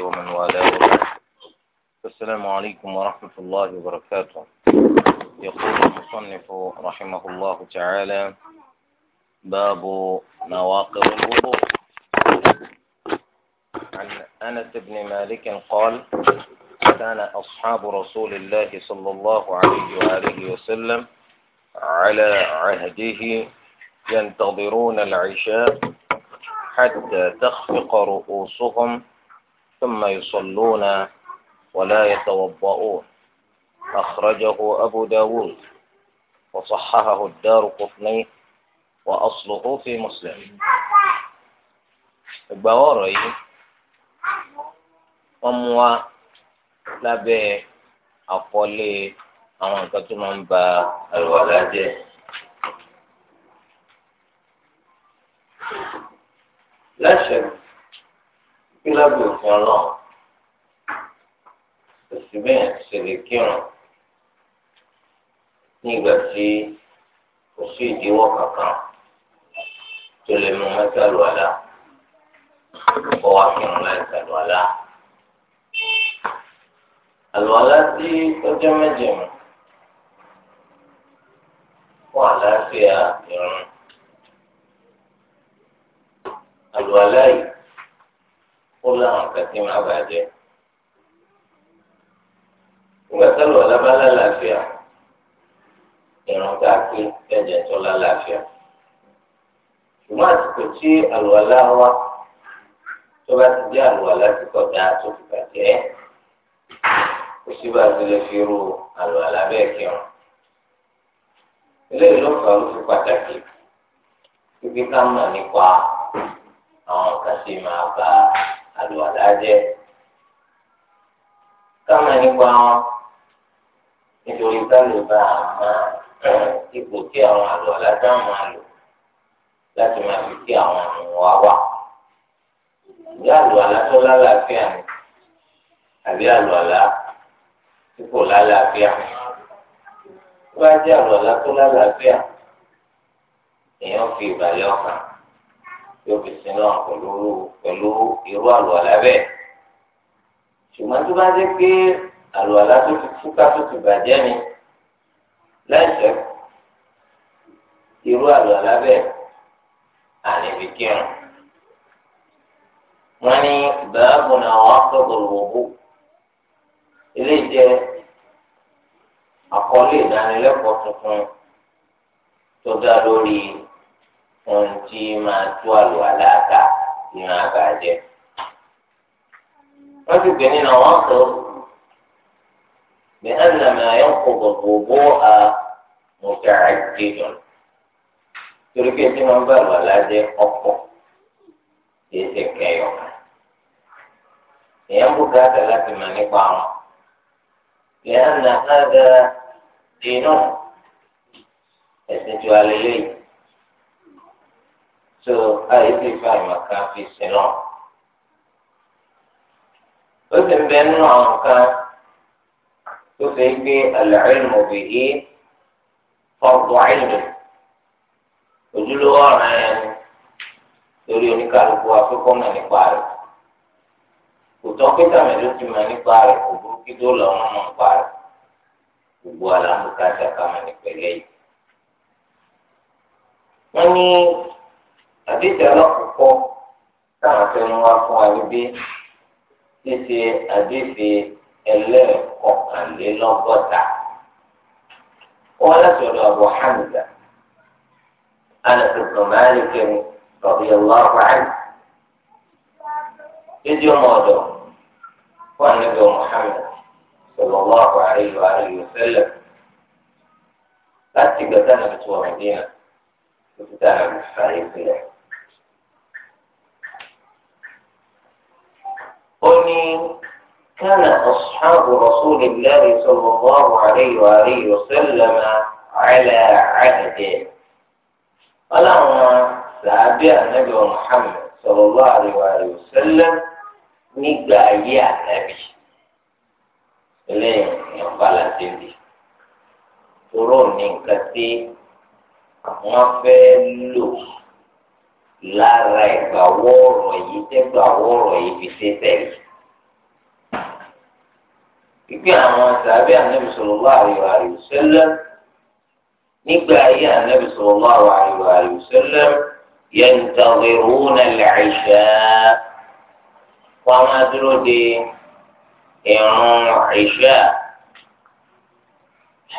ومن والاه السلام عليكم ورحمة الله وبركاته يقول المصنف رحمه الله تعالى باب نواقض الوضوء عن أنس بن مالك قال كان أصحاب رسول الله صلى الله عليه وآله وسلم على عهده ينتظرون العشاء حتى تخفق رؤوسهم ثم يصلون ولا يتوضؤون أخرجه أبو داود وصححه الدار قطني وأصله في مسلم البواري أموى لابي أقولي àwọn nǹkan tó الولادة؟ لا ba kílọ̀bù òfin ọlọ́run òsì bẹ́ẹ̀ ṣe lè kírun ní ìgbà tí kò sí ìdíwọ́ kankan tó lè mú mẹ́tàlú àlá kọ́ wa kírun láì tàlú àlá. àlùwàlá tí ọjọ́ méje mu fún àlàáfíà ìrun àlùwàlá yìí ó láwọn kẹsí máa bàjẹ́. ìgbà sálọ ọlábá lálàáfíà ìrun tá a pé ẹ̀jẹ̀ tó lálàáfíà ṣùgbọ́n àsìkò tí àlùwàlá wa tó bá ti jẹ́ àlùwàlá tí kò dáa tó ti bàjẹ́ kò sí bá a ti lè fi ru àlùwàlá bẹ́ẹ̀ kírun eléyìí ló fà ló fi pàtàkì ibi ká mọ̀ nípa àwọn kan máa bá àlùwàlá jẹ́ káwọn nípa wọn nítorí kálùbà máa ipò tí àwọn àlùwàlá dá máa lò láti máa fi kí àwọn àrùn wa wà ìyá àlùwàlá tó lálàáfíà ni àbí àlùwàlá tí kò lálàáfíà tó bá jẹ́ àlùwàlá tó lálàáfíà èèyàn fi ìbàlẹ̀ ọkàn yóò fi sin náà pẹ̀lú pẹ̀lú irú àlùwàlá bẹ́ẹ̀. ṣùgbọ́n tó bá dé pé àlùwàlá tó ti fúkà tó ti bàjẹ́ ni láìsẹ̀ irú àlùwàlá bẹ́ẹ̀ àníbi kírun. wọ́n ní báàbò náà wọ́n sọ̀rọ̀ wọ̀bù ilé jẹ́ àkọlé ìdánilẹ́kọ̀ọ́ tuntun tó dá lórí ohun tí máa tú àlùwà láàká tí máa bàjẹ́. wọ́n sì gbé nínú àwọn sọ bí ẹnna máa yọ kó gbogbo a mọ̀tà àjẹjọ torí pé tí wọ́n bá àlùwà láàjẹ ọ̀pọ̀ kìí ṣe kẹyọ. èèyàn bùkátà láti mà nípa wọn. bí ẹnna ká dínú ẹ̀sìn tí wàá lélẹ́yìí tó ayé ti fa ìmọ̀ká fi sin lọ. ó sì ń bẹ nínú àwọn nǹkan tó ṣe é gbé al-ilmu bihi fardu 'aini ojúlówó ọ̀ràn ẹ̀ lórí oníkàlùkù afẹ́kọ́ mọ̀ nípa rẹ̀ kò tọ́ pé tàmídó ti mọ̀ nípa rẹ̀ kò burú kí tó lọ́ mọ̀ nípa rẹ̀ gbogbo alámùká ṣàkàmọ̀ nípa ẹ̀lẹ́yìí. wọ́n ní. àdéjà lọ́kùnkọ́ táwọn tó ń wá fún wa níbí ṣíṣe àdéfè ẹlẹ́ẹ̀kọkànlélọ́gọ́ta wọn láti ọ̀dọ̀ Abu Hamza Anas ibn Malik radiyallahu anhu ìdí ọmọ ọ̀dọ̀ fún àníbẹ̀ Muhammad sallallahu alayhi wa alihi yóò fẹ́lẹ̀ láti náà tó wà ní tó ti dára ní sàyè sílẹ̀. أني كان أصحاب رسول الله صلى الله عليه وآله وسلم على عهده فلما سابع النبي محمد صلى الله عليه وآله وسلم نجاية النبي إليه يقبل الدين ترون من كثير ما فيه lára ẹ̀gbà wọ́ọ̀rọ̀ yìí tẹ́gbà wọ́ọ̀rọ̀ yìí fi ṣe tẹ̀lé. Ìgbé àwọn sàbí ànábì sallallahu alaihi wa sallam nígbà ayé ànábì sallallahu alaihi wa sallam yantaziruna al-isha. Wọ́n máa dúró de ìrun dáhà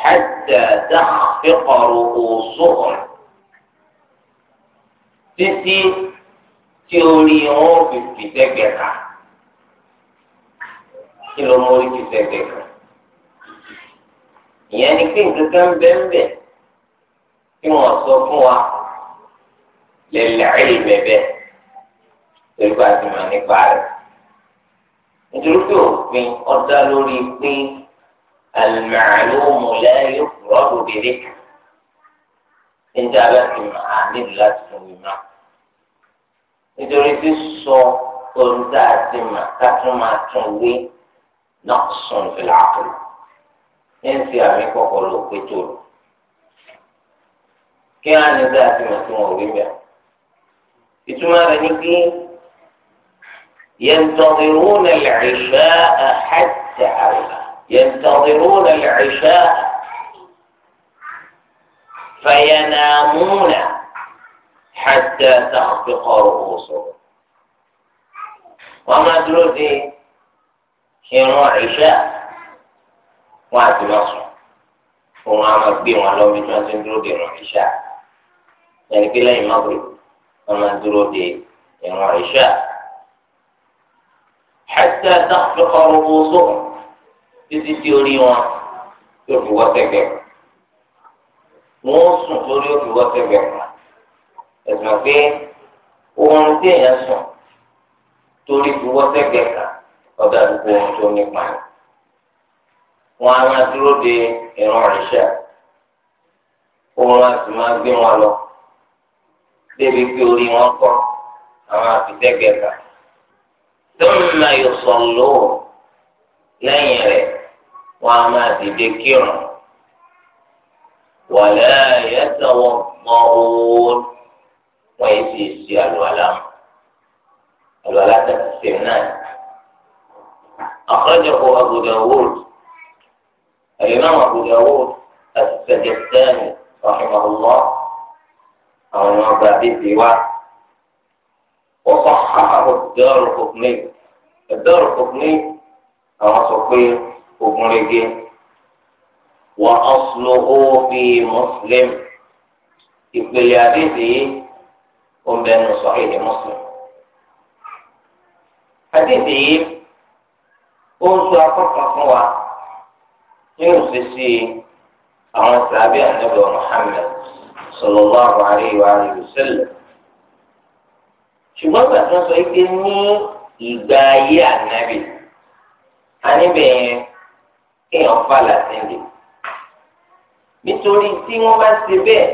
Hatta kọ̀rọ̀ òṣùwọ̀n. títí tí orí wọn fi fìtẹ́gbẹ̀ ká kí ló mú orí fìtẹ́gbẹ̀ ká ìyẹn ni pé nǹkan kan bẹ́ẹ̀ bẹ́ẹ̀ tí wọ́n sọ fún wa lẹ́lẹ́ ẹ̀yìn bẹ́ẹ̀ torí bá nípa rẹ̀ nítorí pé òfin ọ̀dá lórí pín al-ma'lumu la yufradu bi alẹ láti mọ àníbi láti fún mi mọ nítorí tí sọ ohun tá a ti mọ ká tún máa tún wé náà sùn fìlà àpòlù ní ń fi àmì kọkọlù òpè tó lò kí á ní tá a ti mọ tí wọn ò rí bẹ ìtumọ̀ rẹ̀ ní pé ẹ العشاء حتى عرفه ينتظرون ẹ. فينامون حتى تخفق رؤوسهم وما دروسي ìrun àìṣá wọn àti wọn sùn òun àwọn máa gbé wọn lọ bí wọn ti ń dúró de ìrun àìṣá ẹni pé lẹ́yìn mọbìrì wọn máa ń dúró de ìrun àìṣá àti àtàkùn ọrùn wọn sọ títí tí orí wọn yóò fi wọ́n sẹ́gbẹ̀ẹ́. wọ́n sùn torí ó fi wọ́tẹ́ bẹ̀rẹ̀ ẹ̀sùn pé oorun tí èèyàn sùn torí fi àdúgbò ohun tó nípa rẹ̀ wọn á máa dúró de ìran ìṣẹ́ oorun á máa gbé wọn lọ débi pé orí wọn àwọn na lẹ́yìn rẹ̀ wọn á máa dìde kírun. wàlẹ́ ẹ̀yẹ́sẹ̀ wọn mọ òun wọ́n yìí sì ṣe àlùwàlà àlùwàlà tẹ̀sí sèm náà. أخرجه أبو داود الإمام أبو داود السجستاني رحمه الله أو المغادي في واحد وصححه الدار القطني الدار القطني أو صحيح ومريجين وأصله في مسلم يقول حديثي قم بأنه صحيح مسلم حديثي قلت أفكر هو يوسسي أو تابع النبي محمد صلى الله عليه وآله وسلم ṣùgbọ́n gbàtàn sọ pé ní ìgbà ayé ànábì àníbẹ̀yẹn kéèyàn fà látẹ́lẹ̀ nítorí tí wọ́n bá ṣe bẹ́ẹ̀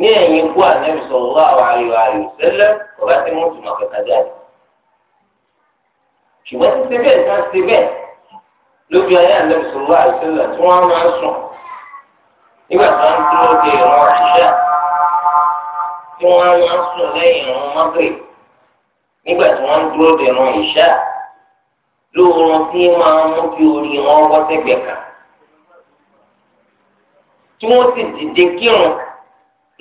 ní ẹ̀yìn ikú ànábì sallallahu alaihi wa sallam ọba tí wọ́n tún ọ̀kẹ́ta jáde. ṣùgbọ́n ti ṣe bẹ́ẹ̀ ká ṣe bẹ́ẹ̀ lóbi ayé ànábì sallallahu alaihi wa sallam tí wọ́n máa ń sùn nígbà tí wọ́n ń dúró de ìrún àṣìṣe tí wọ́n máa ń sùn lẹ́yìn ìrún Maghrib nígbà tí wọ́n dúró de ìrún ìṣá lóorun tí máa ń mú kí orí wọn wọ́ sẹ́gbẹ̀ẹ́ kan tí wọ́n sì dìde kírun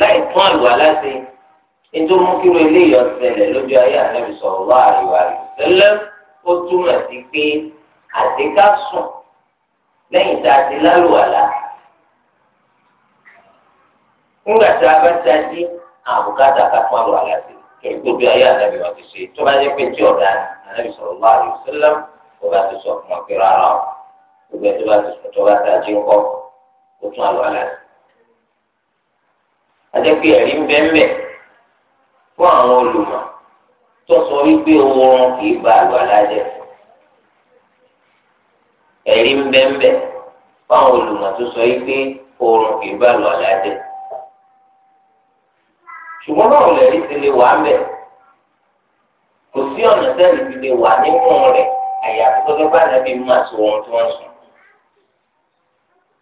láì tún àlùwà láti nítorí mú kírun eléyìí ọ̀sẹ̀lẹ̀ lójú ayé ànábì sọ̀rọ̀ wá àríwá rẹ̀ tẹ́lẹ̀ ó túmọ̀ sí pé àdéká sùn lẹ́yìn tá a ti lálùwà lá nígbà tí a bá ti di àbùkátà ká fún àlùwà láti kí gbogbo ayé ànábì wọn ti ṣe tó bá jẹ́ pé tí ọ̀dà ànábì sọ̀rọ̀ wá àríwá tẹ́lẹ̀ ó bá ti sọ fún ọ rárá o gbogbo ẹ̀ tó bá ti sùn tó bá ti àjí ń kọ́. kó tún àlùwàlá sí. adékú ẹ̀rí ń bẹ́ńbẹ́ fún àwọn olùmọ̀ tó sọ wípé oorun kì í ba àlùwàlá jẹ́ ẹ̀rí ń bẹ́ńbẹ́ fún àwọn olùmọ̀ tó sọ wípé oorun kì ba ṣùgbọ́n báwo rí ti lè wà kò sí ọ̀nà sẹ́ẹ̀lì ti lè wà nínú rẹ̀ àyàfi tó bá nàbí mú àti ohun tí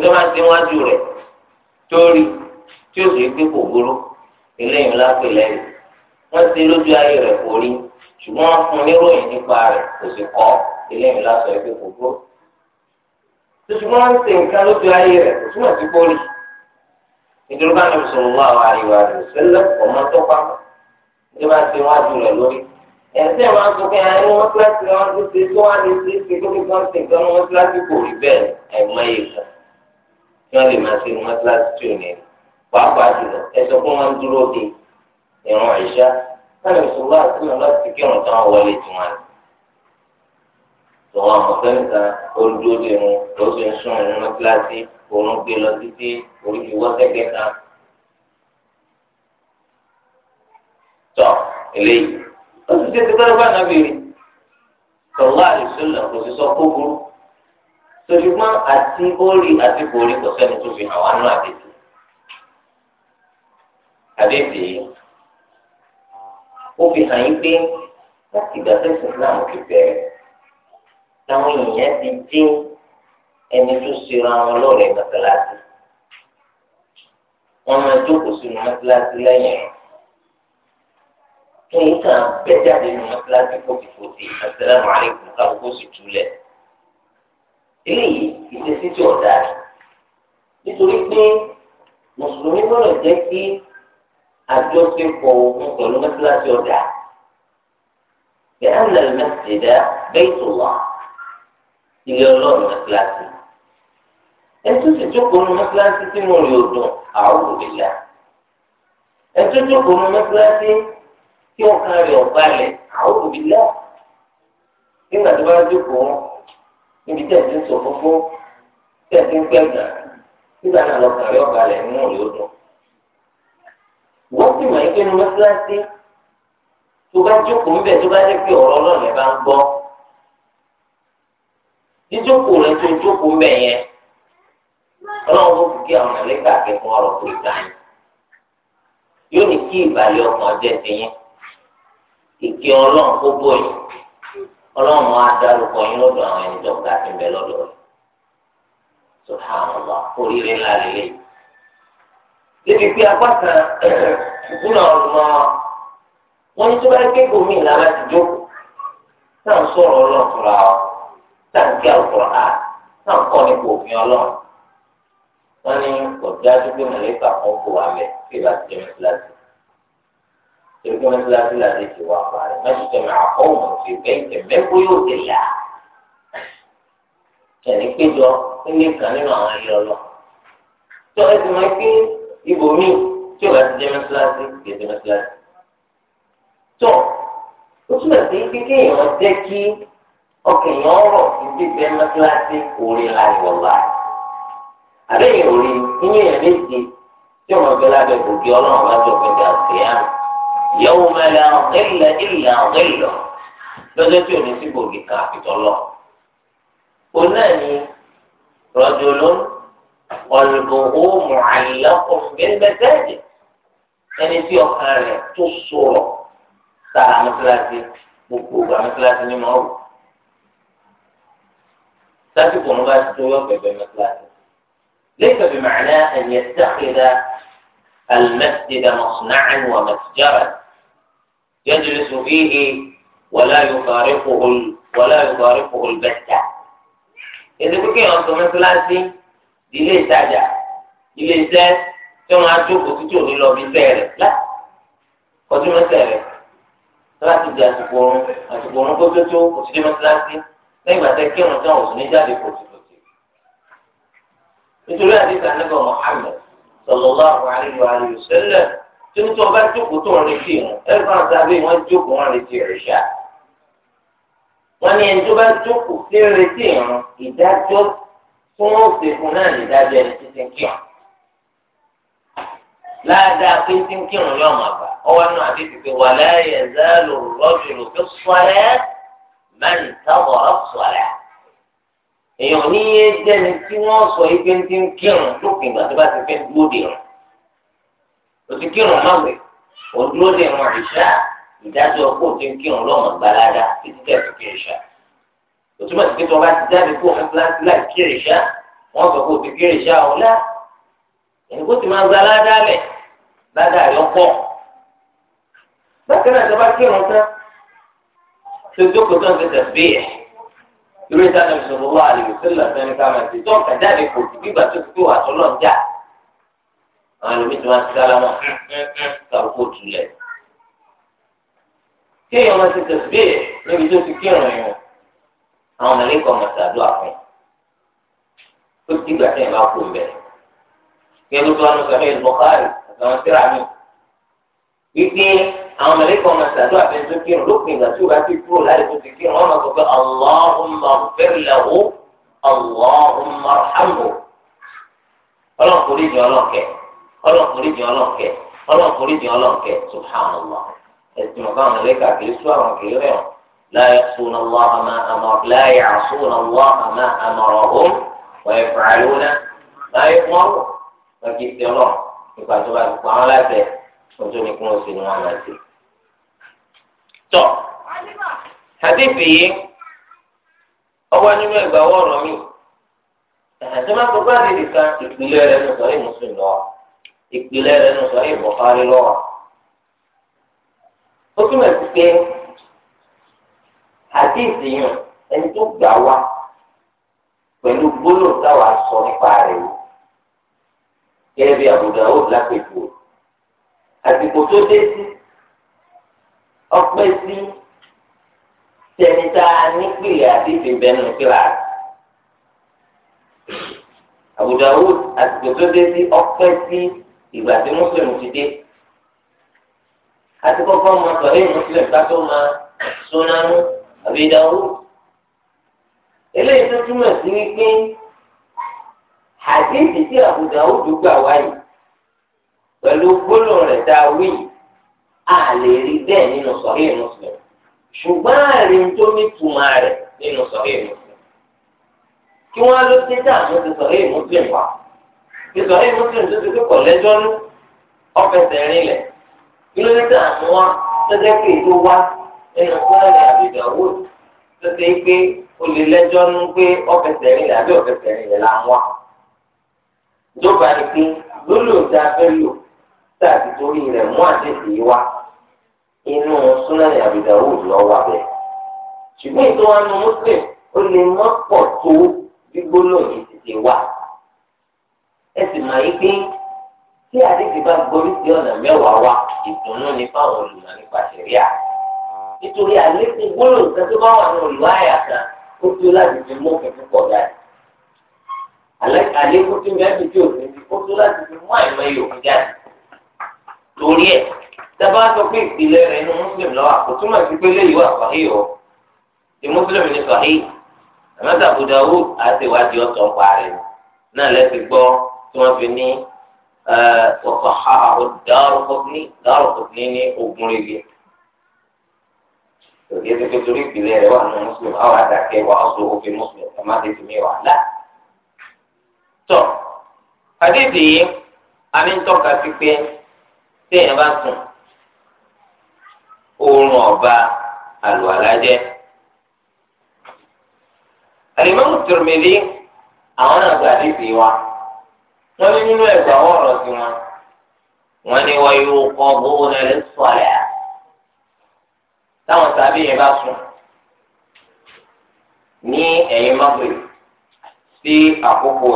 nígbà máa ń dín wájú rẹ̀ torí tí ó sì gbé kò burú eléyìí ńlá pè lẹ́yìn wọ́n ti lójú ayé rẹ̀ kò rí ṣùgbọ́n wọ́n fún níròyìn nípa rẹ̀ kò sì kọ́ eléyìí ńlá sọ ẹgbẹ́ kò burú. ṣùgbọ́n wọ́n ti nǹkan lójú ayé rẹ̀ kò túmọ̀ sí kó rí nítorí bá ní sallallahu alaihi wa sallam ọmọ tó pamọ́ nítorí bá ti wájú rẹ̀ lórí ẹsẹ̀ máa ń sọ pé àwọn ọmọ kíláàsì wọn ti ṣe tó wá ní ṣe é ṣe kí wọn lè máa ṣe wọn kíláàsì tí ò ní pàápàá jùlọ ẹsọ fún wọn dúró de ìran àìṣá káàdì ìṣòro àti ìrìn láti fi kírun táwọn wọlé tí wọn ni. tòun àmọ̀fẹ́nìkan ó dúró de wọn ló ṣe ń sún ìrìn wọn kíláàsì òun gbé lọ títí orí fi wọ́ tọ́ eléyìí ó sì ṣe ti pẹ́rẹ́ bá nàbẹ̀rẹ̀ tọ́lá àìṣó lọ kò sí sọ kó sọ̀rọ̀gbọ́n àti orí àti borí kò sẹ́ni tó fi hàn wá nínú àdéhùn. àdéhùn yìí ó fi hàn yín pé láti ìgbà tó ìsìn náà ti bẹ̀rẹ̀ làwọn èèyàn ti dín ẹni tó ṣera wọn lọ́rẹ̀ẹ́ mọ́sálásí. wọ́n máa jókòó sínú mọ́sálásí lẹ́yìn rẹ̀ kí bẹ́ẹ̀ jáde nínú mọ́sálásí kó fi fòtì àṣẹ lẹ́nu àlékún sì túlẹ̀ eléyìí ìṣesí tí ọ̀dà nítorí pé mùsùlùmí gbọ́dọ̀ jẹ́ kí àjọṣepọ̀ òun pẹ̀lú mẹ́tíláṣí ọ̀dà yàrá mẹ́tíláṣí Baytullah ilé ọlọ́run mẹ́tíláṣí ẹtú sì jókòó nu mẹ́tíláṣí tí mo rí odùn àwọn òbílà ẹtú jókòó nu mẹ́tíláṣí tí wọ́n kárí ọ̀gbálẹ̀ àwọn òbílà nígbà tó bá jókòó níbi tẹ̀sí ń sọ fúnfún tẹ̀sí ń gbẹ̀gà nígbà náà lọ kàrí ọ̀gá rẹ̀ mú òyò dùn. wọ́n sì mọ̀ ẹ́kẹ́ ní mọ́sálásí tó bá jókòó ń bẹ̀ tó bá jẹ́ pé ọ̀rọ̀ ọlọ́run bá ń gbọ́. jíjókòó rẹ̀ tó jókòó ń bẹ̀ yẹn ọlọ́run tó fi kí àwọn ẹ̀lẹ́gbà akẹ́kọ̀ọ́ ọ̀rọ̀ tó ìta yẹn. yóò ní kí ìbàlẹ̀ ọkàn jẹ́ tiyín ìkẹ́ ọlọ́run ọlọ́run á dárúkọ yín lọ́dọ̀ àwọn ẹni tó ga sí bẹ́ẹ̀ lọ́dọ̀ rẹ̀ subhanallah oríire ńlá lélẹ̀ débi pé apá kan nínú ọ̀rùnmọ́ wọn ní tó bá ké bomi ìlànà ti jókòó náà sọ̀rọ̀ ọlọ́run fúnra ọ náà ń kí àwòrán á náà kọ́ nípa òfin ọlọ́run wọn ní kò dájú pé mọ̀lẹ́kà kan kó wa mẹ́ kí ìlà ti jẹ́ يكون لا لا ذيك واقع ما اجتمع قوم في بيت من بيوت الله يعني كده إن كان ما يلا تو إذا ما في يبومي تو لا تجمع سلاسي تجمع سلاسي tó ó túmọ̀ sí pé kéèyàn jẹ́ kí ọkàn èèyàn rọ̀ sí gbígbẹ́ mọ́tíláṣí orí láìwọ̀lá àbẹ́yìn orí inú èèyàn méje tí ọmọ ọgbẹ́ lábẹ́ gògé ọlọ́run bá jọ pé ga òkè يوم لا ظل إلا ظله lọ́jọ́ tí òní sí gbòógì kan àfitọ́lọ́ òun náà ni rọ́jòló ọ̀lùkò òmù àyílọ́kọ̀ gbẹ́ngbẹ́sẹ́ẹ̀dì ẹni tí ọkàn rẹ̀ tó sọ̀rọ̀ sára mọ́tíláṣí gbogbo ọgbà mọ́tíláṣí ní mọ́rù sásìkò ní wọ́n bá ti tó yọ bẹ̀bẹ̀ mọ́tíláṣí lẹ́yìn tó fi màánà ẹ̀yẹ sẹ́kẹ̀dá. المسجد مصنعا ومسجرا يجلس فيه ولا يفارقه ولا يفارقه البتة إذا كنت أنتم مثلاتي ilé ìtajà ilé iṣẹ́ tí wọn á jókòó títí òní lọ bí iṣẹ́ rẹ̀ lá kọjú mẹsẹ rẹ̀ láti di àsìkò oorun àsìkò oorun tó tótó òtítí mẹsàlásí lẹ́yìn ìgbà tẹ kí irun tán òsùn ní jáde kòtìkòtì nítorí àdìsá nígbà Muhammad sallallahu alaihi wa alihi wasallam tí ń tọ́ bá jókòó tó ń retí wọn ẹ̀rọ àtàlẹ́ wọn jókòó wọn retí ìṣà. wọ́n ní ẹni tó bá jókòó sí retí wọn ìdájọ́ tí wọ́n ṣe fún náà nídájọ́ ẹni títí ń kírun. láàdáa pé tí ń kírun yóò máa bà ọwọ́ náà àti tìpé wà láyé ẹ̀zá lòrùlọ́jù lòkè sọ́lẹ̀ máa ń tábọ̀ ọ̀sọ̀lẹ̀ èèyàn ní yé jẹni tí wọ́n sọ yìí pé ń ti ń kírun lópin ìgbà tó bá ti fẹ́ dúró dè rùn o ti kírun náà wẹ̀ o dúró dè rùn àìsà ìdájọ́ ọkọ̀ ti ń kírun lọ́mọ gbalada títí tẹ̀sí kí ìṣà o túmọ̀ sí pé tí wọ́n bá ti jáde kó fún kíláàsì láì kí ìṣà wọ́n sọ pé o ti kí ìṣà ọ̀la ẹni kó ti máa gbalada lẹ̀ ládà yọkọ̀ bákan náà tó bá kírun tán tó dókòtò ń ìwé ìdáná ìṣòro wà lè sẹlẹ sẹni kámẹ ti tó ọkà jáde kò sí bí gbàtó tó wà tó lọ jà àwọn ẹlòmíì tí wọn ti sára wọn kàwé kó tulẹ. kí èèyàn máa ti tẹ̀sí níbi tó ti kírun yìí àwọn mẹlẹ́kọ̀ọ́ máa ṣàdúrà fún un ó ti gbà sẹ́yìn bá kú mbẹ́. kí ẹni tó wà ní sọ́mẹ́ ìlú bọ́kárì àtàwọn síra mi wípé àwọn mẹlẹkọ ọmọ sàdúrà bẹ tó kírun lópin ìgbà tí o bá ti kúrò láti tó ti kírun wọn máa sọ pé Allahumma ighfir lahu Allahumma irhamhu Ọlọ́run kò rí jìn ọlọkẹ Ọlọ́run kò rí jìn ọlọkẹ Ọlọ́run kò ọlọkẹ subhanallah ẹsìn ọba àwọn mẹlẹkọ kìí sún àwọn kìí rẹ wọn la yasuna Allah ma amara la yasuna Allah ma amarahum wa yaf'aluna ma yu'marun wọn kìí sẹ Ọlọ́run nípa tó bá ti pa wọn láti ẹ tó tó ní kí wọn wọn máa ti tọ hadithi yìí ọwọ nínú ẹgbà wọrọ mi ẹnìtí wọn kọ gbáàdì nìkan ìpìlẹ̀ rẹ̀ nù sọ yìí mùsùlùmí lọ ìpìlẹ̀ rẹ̀ nù sọ yìí bọkárí lọ ó túmọ̀ sí pé hadithi yìí ẹni tó gbà wá pẹ̀lú gbólóhùn táwa sọ nípa rẹ̀ o gẹ́gẹ́ bí Abu Dawud lápẹ̀jù àsìkò tó dé sí ọpẹ́ sí tẹnita nípìlẹ̀ àdìsí bẹnu kíláàsì Abu Dawud àtìkò tó dé sí ọpẹ́ sí ìgbà tí mùsùlùmí ti dé àti kọ́kọ́ ọmọ sọ̀rọ̀ yìí mùsùlùmí ká tó máa súnánú Abi Dawud eléyìí tó túmọ̀ sí wípé àdìsí tí Abu Dawud gbà wáyé pẹ̀lú gbólóhùn rẹ̀ dáa wíyì a lè rí bẹ́ẹ̀ nínú sọ̀rọ̀ ìmùsùlùm ṣùgbọ́n àárín tó ní tùmọ̀ rẹ̀ nínú sọ̀rọ̀ ìmùsùlùm kí wọ́n á ló dé dà mú ti sọ̀rọ̀ ìmùsùlùm wa ti sọ̀rọ̀ ìmùsùlùm tó ti kọ̀ lẹ́jọ́ ní ọ̀fẹsẹ̀ rinlẹ̀ kí ló dé dà mú wa tẹ́tẹ́ pé ètò wa nínú sọ́ọ̀rì àbìdà owó tó ti pé o lè lẹ́jọ́ ní pé ọ̀fẹsẹ̀ rinlẹ̀ àbí ọ̀fẹsẹ̀ rinlẹ̀ là ń wá tá a ti torí rẹ̀ mú àdéhùn yìí wá inú súnáni àbìdáwò lọ wà bẹ́ẹ̀ ṣùgbọ́n ètò àánú muslim ó lè má pọ̀ tó gbígbóná yìí ti ti wá ẹ sì máa yí pé tí àdéhùn bá gborí sí ọ̀nà mẹ́wàá wá ìdùnnú ni fáwọn olùmọ̀ nípa ṣẹ̀ríà nítorí àlékún gbólóhùn nǹkan tó bá wà ní olùwáyà kan ó tó láti fi mú òfin púpọ̀ jáde àlékún tí mẹ́rin tí òfin ti ó tó láti fi mú àìmọye òfin jáde torí ẹ̀ dábàá sọ pé ìpìlẹ̀ rẹ̀ inú muslim lọ́wọ́ àkótúmọ̀ sí pé léyìí wà sahih o ti muslim ní sahih àmọ́tà Abu Dawud àti ìwádìí ọ̀tọ̀ ń parẹ́ náà lẹ́sìn gbọ́ tí wọ́n fi ní ọ̀sán Daraqutni Daraqutni ní ogun rege tòkè tó fi torí ìpìlẹ̀ rẹ̀ wà nínú muslim àwọn àdàkẹ́ wà ọ̀sọ̀ òfin muslim ẹ̀ má mi wà láà. téèyàn bá sùn oorun ọba àlùwàlá jẹ́ àlìmọ́ mùsùlùmí àwọn náà gba wa wọ́n ní nínú ẹ̀gbà ọ̀rọ̀ sí wọn wọ́n ní wọ́n yóò kọ́ bówó náà lè sọ àlẹ́ à táwọn sábẹ́ yẹn bá sùn ní ẹ̀yìn sí àkókò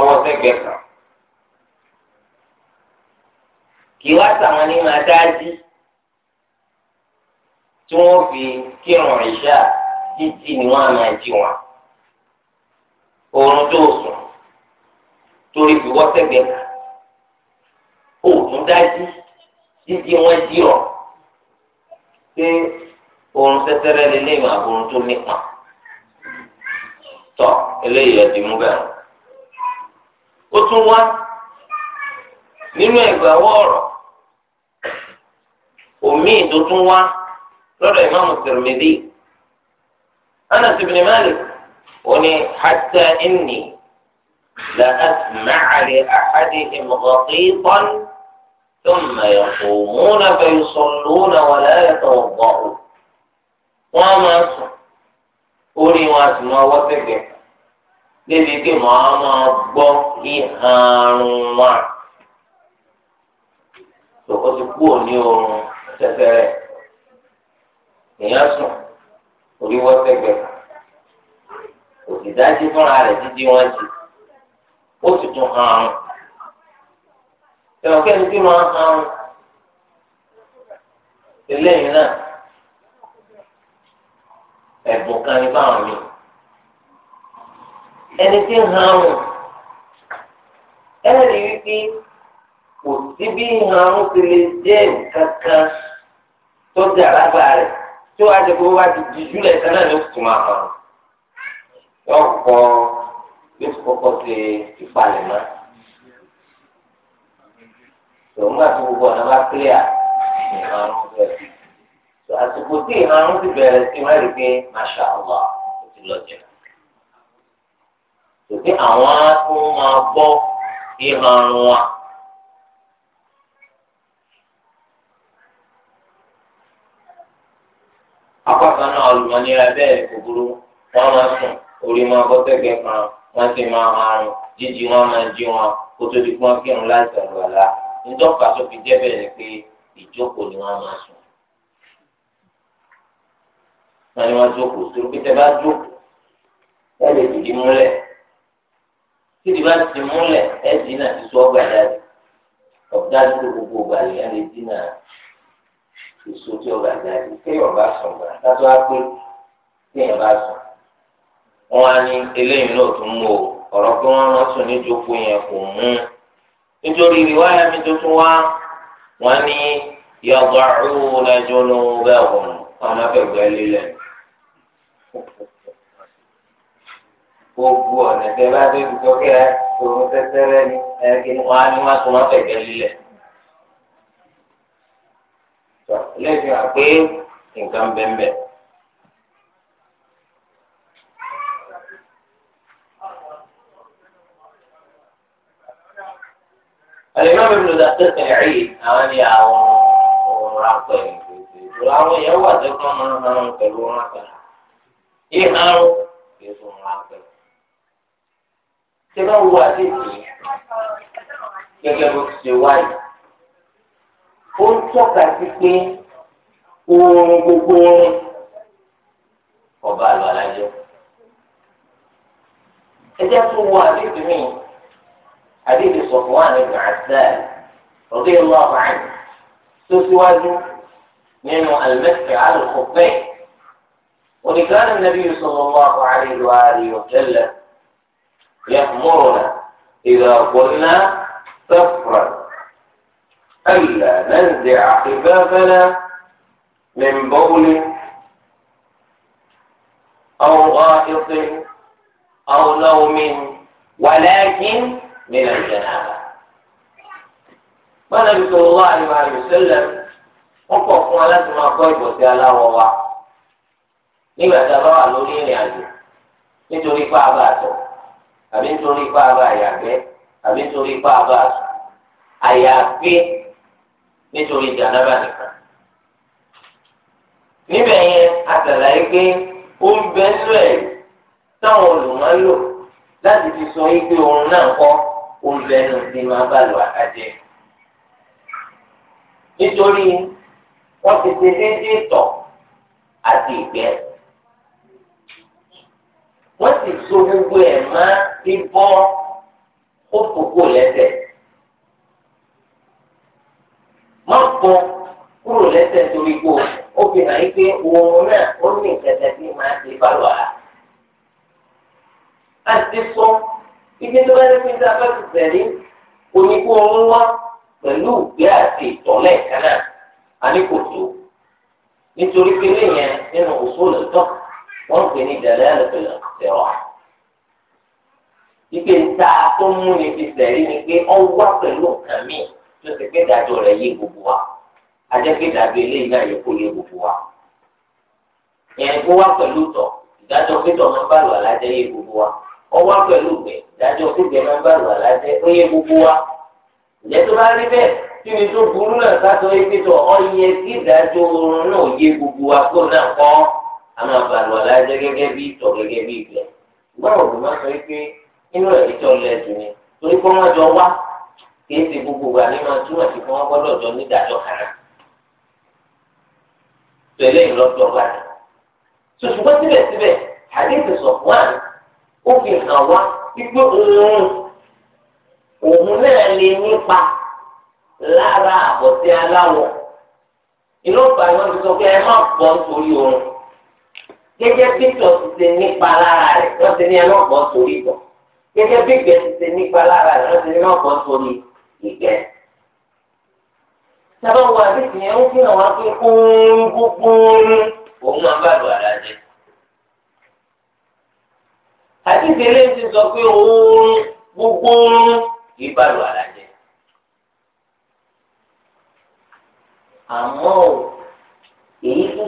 ọwọ́ sẹ́gbẹ̀ẹ́ kan. kì wá sàwọn ní máa dájú tí wọ́n fi kírun ìṣá títí ni wọ́n á máa jí wọn. oorun tó sùn torí fi wọ́ sẹ́gbẹ̀ẹ́ kan. oògùn dájú títí wọ́n jí ọ̀ pé oorun sẹ́sẹ́rẹ́ lélẹ́yìn tó nípa. tọ́ eléyìí ẹ̀ ti mú bẹ́ẹ̀. ó tún wá nínú ẹgbàáwọ ọ̀rọ̀ omi tó tún wá lọ́dọ̀ ìmáàmù Tirmidhi Anas ibn Malik òní hatta inni la asma'a li ahadihim ghatitan thumma yaqumuna fa yusalluna wa la yatawadda'u wọn máa sùn orí wọn àti wọn wọ sẹgbẹẹ débi pé màá máa gbọ́ ìhàrùn wa tó o ti kú òní oorun tẹ́tẹ́rẹ́ èèyàn sùn orí wọ́sẹ̀gbẹ̀ òsìdájú fúnra rẹ̀ dídí wọn jù ó sì tún hàn ẹ̀wọ̀n kẹ́ni tí máa hàn eléyìí náà ẹ̀bùn kan ní báwọn mìíràn. ẹni tí ń hàn ẹni wípé kò sí bí hàn ti lè jẹ́ kankan tó dà lábàá rẹ tó wàá jẹ́ kó wá ti jíjú lẹ̀ sẹ́nà ló sì máa hàn yóò kọ́ yóò kọ́kọ́ ṣe tòun bá tó gbogbo ọ̀nà bá àsìkò tí ìhàn ti bẹ̀rẹ̀ sí pé masha tòkí àwọn á tún máa gbọ́ ìhàn wa. apákan náà olùmọ̀ní abẹ́ òbúrú wọ́n máa sùn orí máa bọ́ sẹ́gbẹ̀ kan wọ́n sì máa harun jíjí wọn máa jí wọn kó tó di fún kírun láì sọ̀rọ̀ nítorí tó fi jẹ́ bẹ́ẹ̀ pé ìjókòó ni wọ́n máa sùn. wọ́n ní wọ́n jókòó torí pé tẹ́ bá jókòó ẹ lè dìdí múlẹ̀ tí ìdìbò ti múlẹ̀ ẹ̀dín náà ti sọ ọgbà jáde ọ̀gá tó gbogbo ọgbà yẹn lè dín náà èso tí ọgbà jáde kéèyàn bá sùn gbà látọ́ á pé kéèyàn bá sùn. wọ́n á ní eléyìí náà tún mú o ọ̀rọ̀ pé wọ́n rán sùn níjókòó yẹn kò mú nítorí ìwáyà mi tó tún wá wọ́n ní yọ̀gbọ̀rún lẹ́jọ́ ló ń bẹ̀ wọ̀n ọmọ fẹ́ gbẹ́ lílẹ̀ gbogbo ọ̀nà tẹ bá dé ibi tó kẹ́ ẹ tòun tẹ́tẹ́rẹ́ ni ẹ kí wọ́n á ní wọ́n tó wọ́n fẹ̀gẹ́ lílẹ̀. tọ́ lẹ́sìn à pé nǹkan bẹ́ẹ̀ الإمام ابن دقيق العيد أولي أو راقين وراو يوا تكون من من كلونا كلا إيه أو يسون راقين ṣé bá wo àdéhùn gẹ́gẹ́ bó ti ṣe wáyé ó ń tọ́ka sí pé oorun gbogbo oorun ọba àlọ́ alájọ. ẹ jẹ́ tó wo àdéhùn mi àdéhùn sọ̀fún wa ní gàdá ọ̀gá ìlú àbáyé tó síwájú nínú àlùmẹ́sẹ̀ àlùkò bẹ́ẹ̀. ولكان النبي صلى الله عليه وآله وسلم يأمرنا إذا قلنا سفرا ألا ننزع حبابنا من بول أو غائط أو نوم ولكن من الجنابة والنبي صلى الله عليه وسلم وقف fún wa láti máa kọ́ ìbọ̀sẹ̀ ترى wa يعني؟ tí a àbí nítorí ipá àbá àyàgbẹ́ àbí nítorí ipá àbá àtù àyàgbé nítorí jàǹdàbà nìkan. níbẹ̀ yẹn àtàlàyé pé ó ń bẹ sọ ẹ̀ táwọn olùmọ́lò láti fi sọ pé òun náà kọ́ ó ń bẹ nù sí máa bá lò àkàjẹ́. nítorí wọ́n ti ṣe déédéé tọ̀ àti ìgbẹ́. wọ́n sì so gbogbo ẹ̀ máa bíbọ́ ó fòkó lẹ́sẹ̀. má bọ́ kúrò lẹ́sẹ̀ torí kó ó fi hàn yí pé òun náà ó ní ìkẹsẹ̀ tí màá ti bá lọ àá. a ti sọ ibi tó bá dẹ́kun tí a bá ti tẹ̀lé oníkó òun wá pẹ̀lú ìgbé àti ìtọ́lẹ̀ kan náà nítorí pé lẹ́yìn nínú òṣòlù tán wọ́n ń pè ní dàlẹ́ àlùfẹ́ lọ́kùnrin ọ̀hún ike ta tó mú ni ti sẹ̀rí ni pé ọ wá pẹ̀lú nǹkan míì tó ti pé dájọ́ rẹ̀ yé gbogbo wa ajẹ́pẹ́ dájọ́ eléyìí náà yẹ kó yé gbogbo wa yẹn kó wá pẹ̀lú tọ̀ ìdájọ́ pé tọ̀ máa ń bá lò alájẹ́ yé gbogbo wa ọ wá pẹ̀lú gbẹ̀ ìdájọ́ pé gbẹ̀ máa ń bá lò alájẹ́ ó yé gbogbo wa ìjẹ́ tó bá rí bẹ́ẹ̀ kí ni tó burú náà sátọ̀ yé pé ọ yẹ kí ìdájọ́ inú ẹ̀rí tó lẹ̀ jù ni torí pé wọ́n jọ wá kì í ṣe gbogbo wa ní máa túmọ̀ sí fún wọn gbọ́dọ̀ jọ nídàájọ́ kan náà tẹ̀lé ìlọ́dọ̀ wa ni. ṣùṣùgbọ́n síbẹ̀síbẹ̀ àdéhùn sọ̀fúnwán ó fi hàn wá wípé òun òun náà lè nípa lára àbọ̀tí aláwọ̀ inú ọgbà ìwọ́n ti sọ pé ẹ má bọ́ nítorí oorun gẹ́gẹ́ bí tọ́sí ti nípa lára rẹ̀ wọ́n ti ẹ má bọ́ nítorí ìbọn. gẹ́gẹ́ bí ìgbẹ́ ti ṣe nípa lára rẹ̀ lọ́sẹ̀ náà bọ́ sórí ìgbẹ́. sábà wo àdéhùn yẹn ń fihàn wá pé kúrú òun máa bá lu ara jẹ. àdéhùn ilé sọ pé òun gbogbo kì í bá lu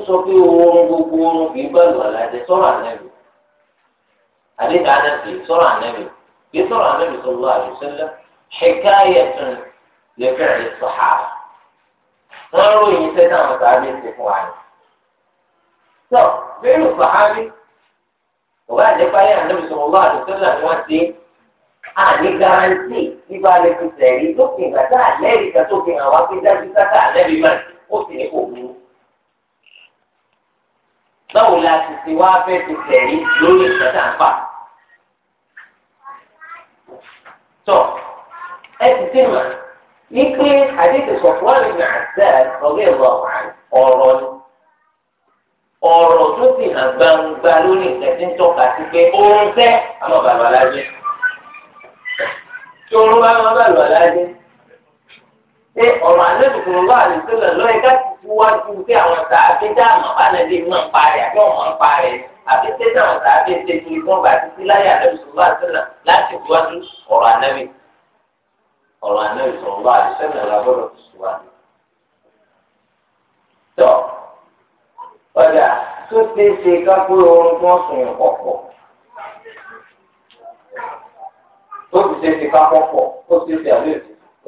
sọ pé òun gbogbo kì í bá lu ara jẹ sọ́rọ̀ يطلع النبي صلى الله عليه وسلم حكاية لفعل الصحابة قالوا يسيدنا متعبين في فوعين طب فعل الصحابي وبعد ذلك النبي صلى الله عليه وسلم يوصي àní garanti nígbà lè fi tẹ̀lé lókè ìgbà tá àlẹ́rìí kan tó fi hàn wá pé dájú sáká àlẹ́rìí máa ó sì ní kò burú. báwo la ti ti wá fẹ́ ti tẹ̀lé lórí ìgbà tá à ń fà? tọ ẹ ti ma mà wípé àdéhùn sọfúnwárì ní àzẹr ọgbẹ ìwà ọ̀rọ̀ ni ọ̀rọ̀ tó sì hàn gbangba lórí nǹkan tí ń tọ́ka sí pé ó ń fẹ́ bàbá tí bá ṣé síwájú pé àwọn sàábé dáàmà bá nàbí mọ̀ ń parẹ́ àbí ọ̀mọ̀ ń parẹ́ àbí tẹ́tẹ́ àwọn sàábé ṣe kiri fún ọgbà títí láyé àdébí sọ̀rọ̀ àṣẹlẹ̀ láti wájú ọ̀rọ̀ ànábì ọ̀rọ̀ ànábì sọ̀rọ̀ àṣẹlẹ̀ lábọ́dọ̀ síwájú. tọ́ ọjà tó ṣe é ṣe kápó oorun tó ń sùn ọ̀pọ̀ tó ti ṣe é ṣe kápọ̀ pọ̀ ó ti ṣe àlè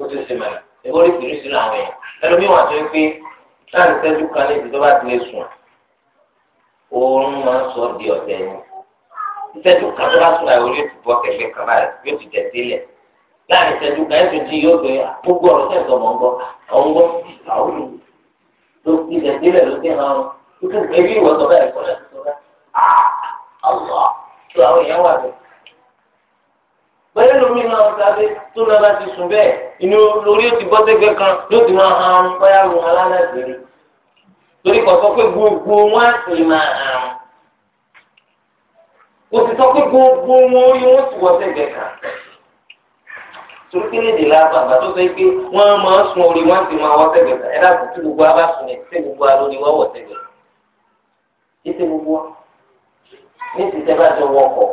ó ti ṣe mẹ́rin ìwọ́n rí kìrìsì náà wẹ̀ ẹlòmíwọ̀n tó ń pín láti tẹ́jú kan ní tó bá ti lè sùn oorun máa ń sọ di ọ̀tẹ̀ ni ìtẹ́jú kan tó bá sùn àìwọlé yóò ti bọ́ kẹ̀kẹ́ kan báyìí yóò ti tẹ̀sí lẹ̀ láàrin ìtẹ́jú kan ẹ̀sùn tí yóò gbé gbogbo ọ̀rọ̀ sẹ́ńtọ̀ mọ̀ ń gbọ́ àwọn gbọ́ àwọn ló ti tẹ̀sí lẹ̀ ló dé hàn án ó tún ẹbí ìwọ̀n tó bá ẹ̀kọ́ lẹ́sùn tó bá bẹ́ẹ̀ lómi náà ń sáré tó náà bá ti sùn bẹ́ẹ̀ inú lórí ó ti bọ́ sẹ́gbẹ́ kan ló ti máa hàn án báyà ló hàn lálẹ́ ìbéèrè torí kò sọ pé gbogbo wọn á sì máa hàn án kò sì sọ pé gbogbo wọn ó yẹ wọ́n sì wọ́ sẹ́gbẹ́ kan torí kí léde la bàbá tó sọ pé wọ́n máa sun orí wọ́n sì máa wọ́ sẹ́gbẹ́ kan ẹ̀dá kò tí gbogbo abá sùn ẹ̀ tí gbogbo alóni wọ́n wọ̀ sẹ́gbẹ́ kan ní ti gbogbo ní ti tẹ́ bá jọ wọ́kọ̀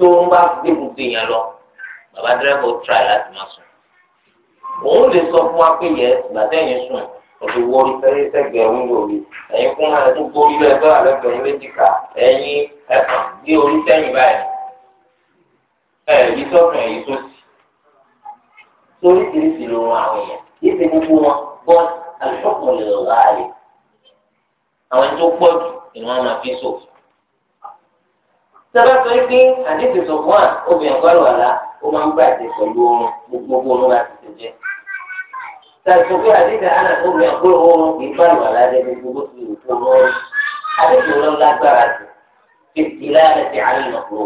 tó ń bá gbé gbogbo èèyàn lọ bàbá dírẹ́fà ó tíra láti má sùn òun lè sọ fún wa pé yẹ gbàtẹ́ yẹn sùn òtún wọ ìfẹ́rẹ́ sẹ́gbẹ̀ẹ́ wíńdò rí ẹ̀yin fún wọn tó gbórí lẹ́gbẹ́ àlẹ́gbẹ̀ẹ́ léjìká ẹ̀yin ẹ̀kan ní orí sẹ́yìn báyìí ẹ̀yí sọ́kàn ẹ̀yí tó sì torí kìrìsì ló wọn àwọn èèyàn yìí ti gbogbo wọn gbọ́ àlùfọ́kùnrin lọ́wọ́ àlè àwọn tó pọ̀ jù ni wọ́n máa fi sòfò sábà sọ pé àdéhùn sọ̀kún à obìnrin kọ́ ló wà lá ó máa ń bàjẹ́ pẹ̀lú oorun gbogbo oorun láti ṣe jẹ́. sàtò pé àdéhùn àná tó obìnrin kọ́ oorun kì í bá lò àlá jẹ gbogbo tó lè tó lọ́rùn àdéhùn lọ lágbára jù fèsì láàrin ti àárín ìnàkúrò.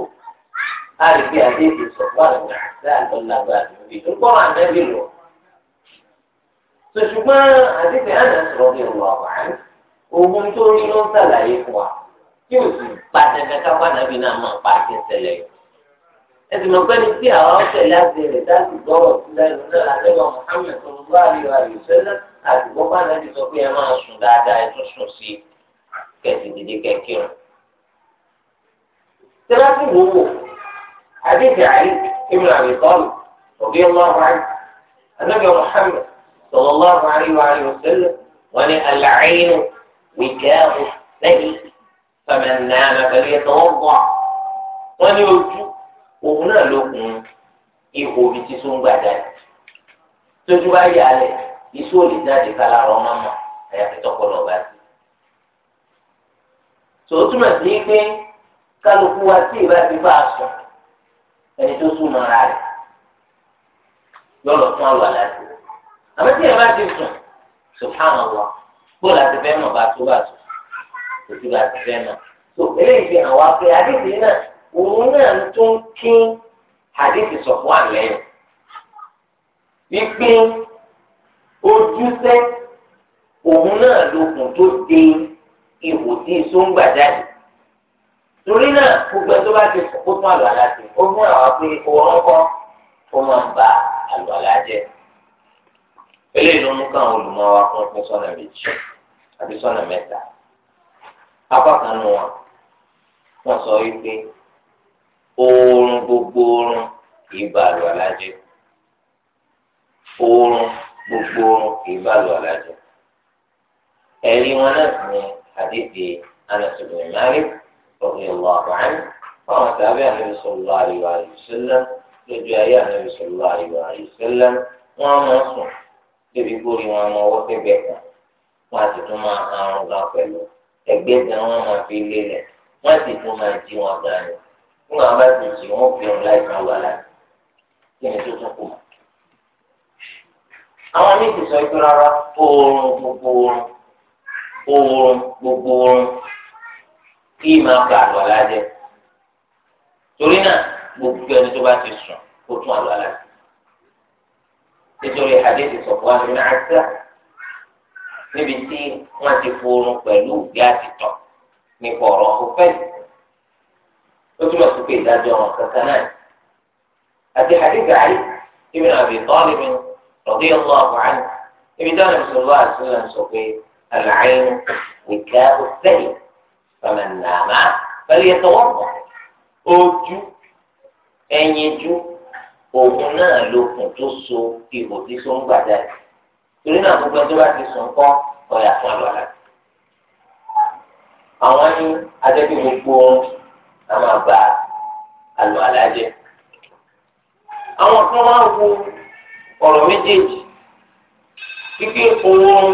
a lè fi àdéhùn sọ̀kún àná láàrin lágbára jù bí ìdúgbò ànábì lọ. sòṣùgbọ́n àdéhùn àná sọ̀rọ̀ bí òun àwọn òun tó rí ló ń sàlàyé fún wa tí o sì pa dandan ká wà nàbí náà máa pa àti ìṣẹ̀lẹ̀ yìí. ẹsìn mọ̀ pé ní tí àwa ọ̀sẹ̀ láti rẹ̀ láti gbọ́rọ̀ sílẹ̀ lọ́dọ̀ àtẹ́wọ̀n Muhammad tó ń bá àríwá rẹ̀ sẹ́lẹ̀ àti gbọ́ bá nàbí sọ pé ẹ máa sùn dáadáa ẹ tún sùn sí kẹ̀sì dídí kẹ̀kírun. sẹ́láfì wò wò àdéhùn àyè ibùdó àbí tọ́lù òbí ọlọ́run àríwá rẹ̀ sẹ́lẹ̀ wọ́n ní فمن نام فليتوضا wọ́n ní ojú òun náà ló kún ihò omi tí tó ń gbà jáde tójú bá yà á lẹ̀ iṣu ò lè jáde kálárọ̀ mọ́mọ́ àyàfi tọpọlọ bá sí. tòótúmọ̀ sí pé kálukú wa tí ìbá ti bá a sùn ẹni tó sùn mọ́ra rẹ̀ yọ̀lọ̀ tún àlọ́ àlàáfíà àmọ́ tí ìbá ti sùn subhanallah bó láti fẹ́ mọ̀ bá tó bá sùn títí bá ti fẹ́ náà. tó eléyìí fi hàn wá pé àdìsí náà òun náà tún kín àdìsí sọ̀kún àlẹ́ yìí. wípé ojúṣe òun náà lókun tó de ihò tí sóńgbà jáde. torí náà gbogbo ẹ tó bá ti sọ̀kó fún àlọ́ aláṣẹ ó mú àwọn pé òun kọ́ ó máa ń ba àlọ́ aláṣẹ. eléyìí ló mú káwọn olùmọ̀ wa fún ọpẹ́ sọ́nà méjì àbí sọ́nà mẹ́ta apákan nù wọn wọn sọ wípé oorun gbogbo oorun kìí bá lu alájẹ oorun gbogbo oorun kìí bá lu alájẹ ẹ̀rí wọn náà sì ni àdéhìí anasọ̀rọ̀ ìmáyé ọ̀gbìn ìwà àbáyé fáwọn sábẹ́ ànábìsọ̀rọ̀ àríwá àríwísílẹ̀ lójú ayé ànábìsọ̀rọ̀ àríwá àríwísílẹ̀ wọn máa sùn débi gbórí wọn máa wọ́ kébẹ̀ kan wọn àti tún máa harun gan pẹ̀lú ẹgbẹ́ gan wọn máa fi lé rẹ̀ wọ́n sì tún máa jí wọn gan rẹ̀ fún àwọn bá ti jí wọn fi hàn láìpẹ́ wà láti kí ni tó tún kù. àwọn míì ti sọ pé rárá oorun gbogbo oorun oorun gbogbo oorun kí máa ba àlọ́ alájẹ torí náà gbogbo ẹni tó bá ti sùn kó tún àlọ́ alájẹ nítorí àdéhùn sọ̀kọ́ àti náà ṣáà níbi tí wọ́n ti forun pẹ̀lú òbí àtìtọ̀ nípa ọ̀rọ̀ ọ̀fẹ́ ó túmọ̀ sí pé ìdájọ́ wọn kankan náà àti àdìgbà yìí ibi náà fi tọ́ níbi rọ̀bí ọlọ́ àbúrán ibi tí wọ́n sọ lọ́wọ́ àti sọ́lá sọ pé àlàyé nìkà ó sẹ́yìn fọmọ nàmá pẹ̀lú ẹ̀tọ́ wọ́n pọ̀ ojú ẹ̀yinjú òun náà ló tó so ihò tí tó ń gbà jáde torí náà gbogbo ẹjọ́ bá ti sùn kọ́ ọ̀yà fún àlọ́lá. àwọn ní adébí gbogbo ohun a máa gba àlọ́lá jẹ. àwọn kan máa ń wo ọ̀rọ̀ méjèèjì kíkí oorun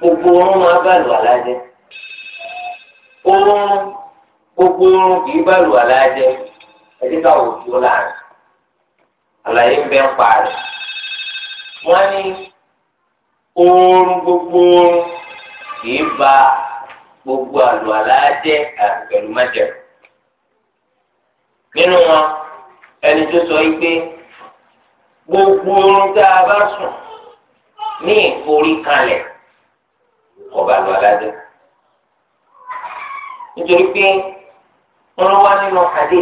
gbogbo oorun máa bá àlọ́lá jẹ. oorun gbogbo oorun kì bá àlọ́lá jẹ ẹ̀jẹ̀ ká wò ó láàrin. àlàyé ń bẹ́ ń pa rẹ̀. wọ́n ní oorun gbogbo oorun kìí ba gbogbo àlọ́ aláàjẹ àti pẹ̀lú májẹ̀. nínú wọn ẹni tó sọ yìí pé gbogbo oorun tá a bá sùn ní ìforí kalẹ̀ ọba àlọ́ aláàjẹ. nítorí pé wọ́n wá nínú àdé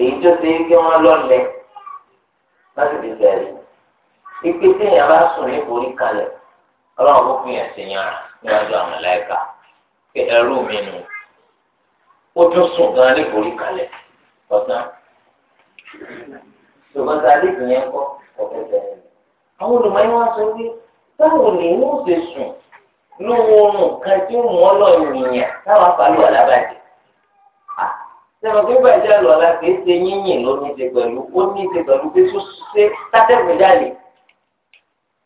èyí tó ṣe é kí wọ́n lọ́lẹ̀ láti fi bẹ̀rẹ̀ ike tí èèyàn bá sùn ní orí kalẹ̀ ọlọ́run ló fi hàn sí yàrá níwájú àwọn ẹlẹ́ka pé ẹrú mi nù ó tún sùn gan ní orí kalẹ̀ ọ̀sán ṣùgbọ́n tá a lè yẹn kọ́ ọ̀fẹ́ bẹ́ẹ̀ ni. àwọn olùmọ̀ọ́yìn wá sọ pé báwo ni wọ́n ṣe sùn lóorun kan tí mò ń lọ yìnyín táwọn afáàlú alábàjẹ́ sẹ́wọ̀n tó bàjẹ́ lọ́la kìí ṣe yínyìn ló ní ṣe pẹ̀lú ó ní ṣe pẹ̀lú pé sọ́sẹ́ tátẹ́gùn jáde.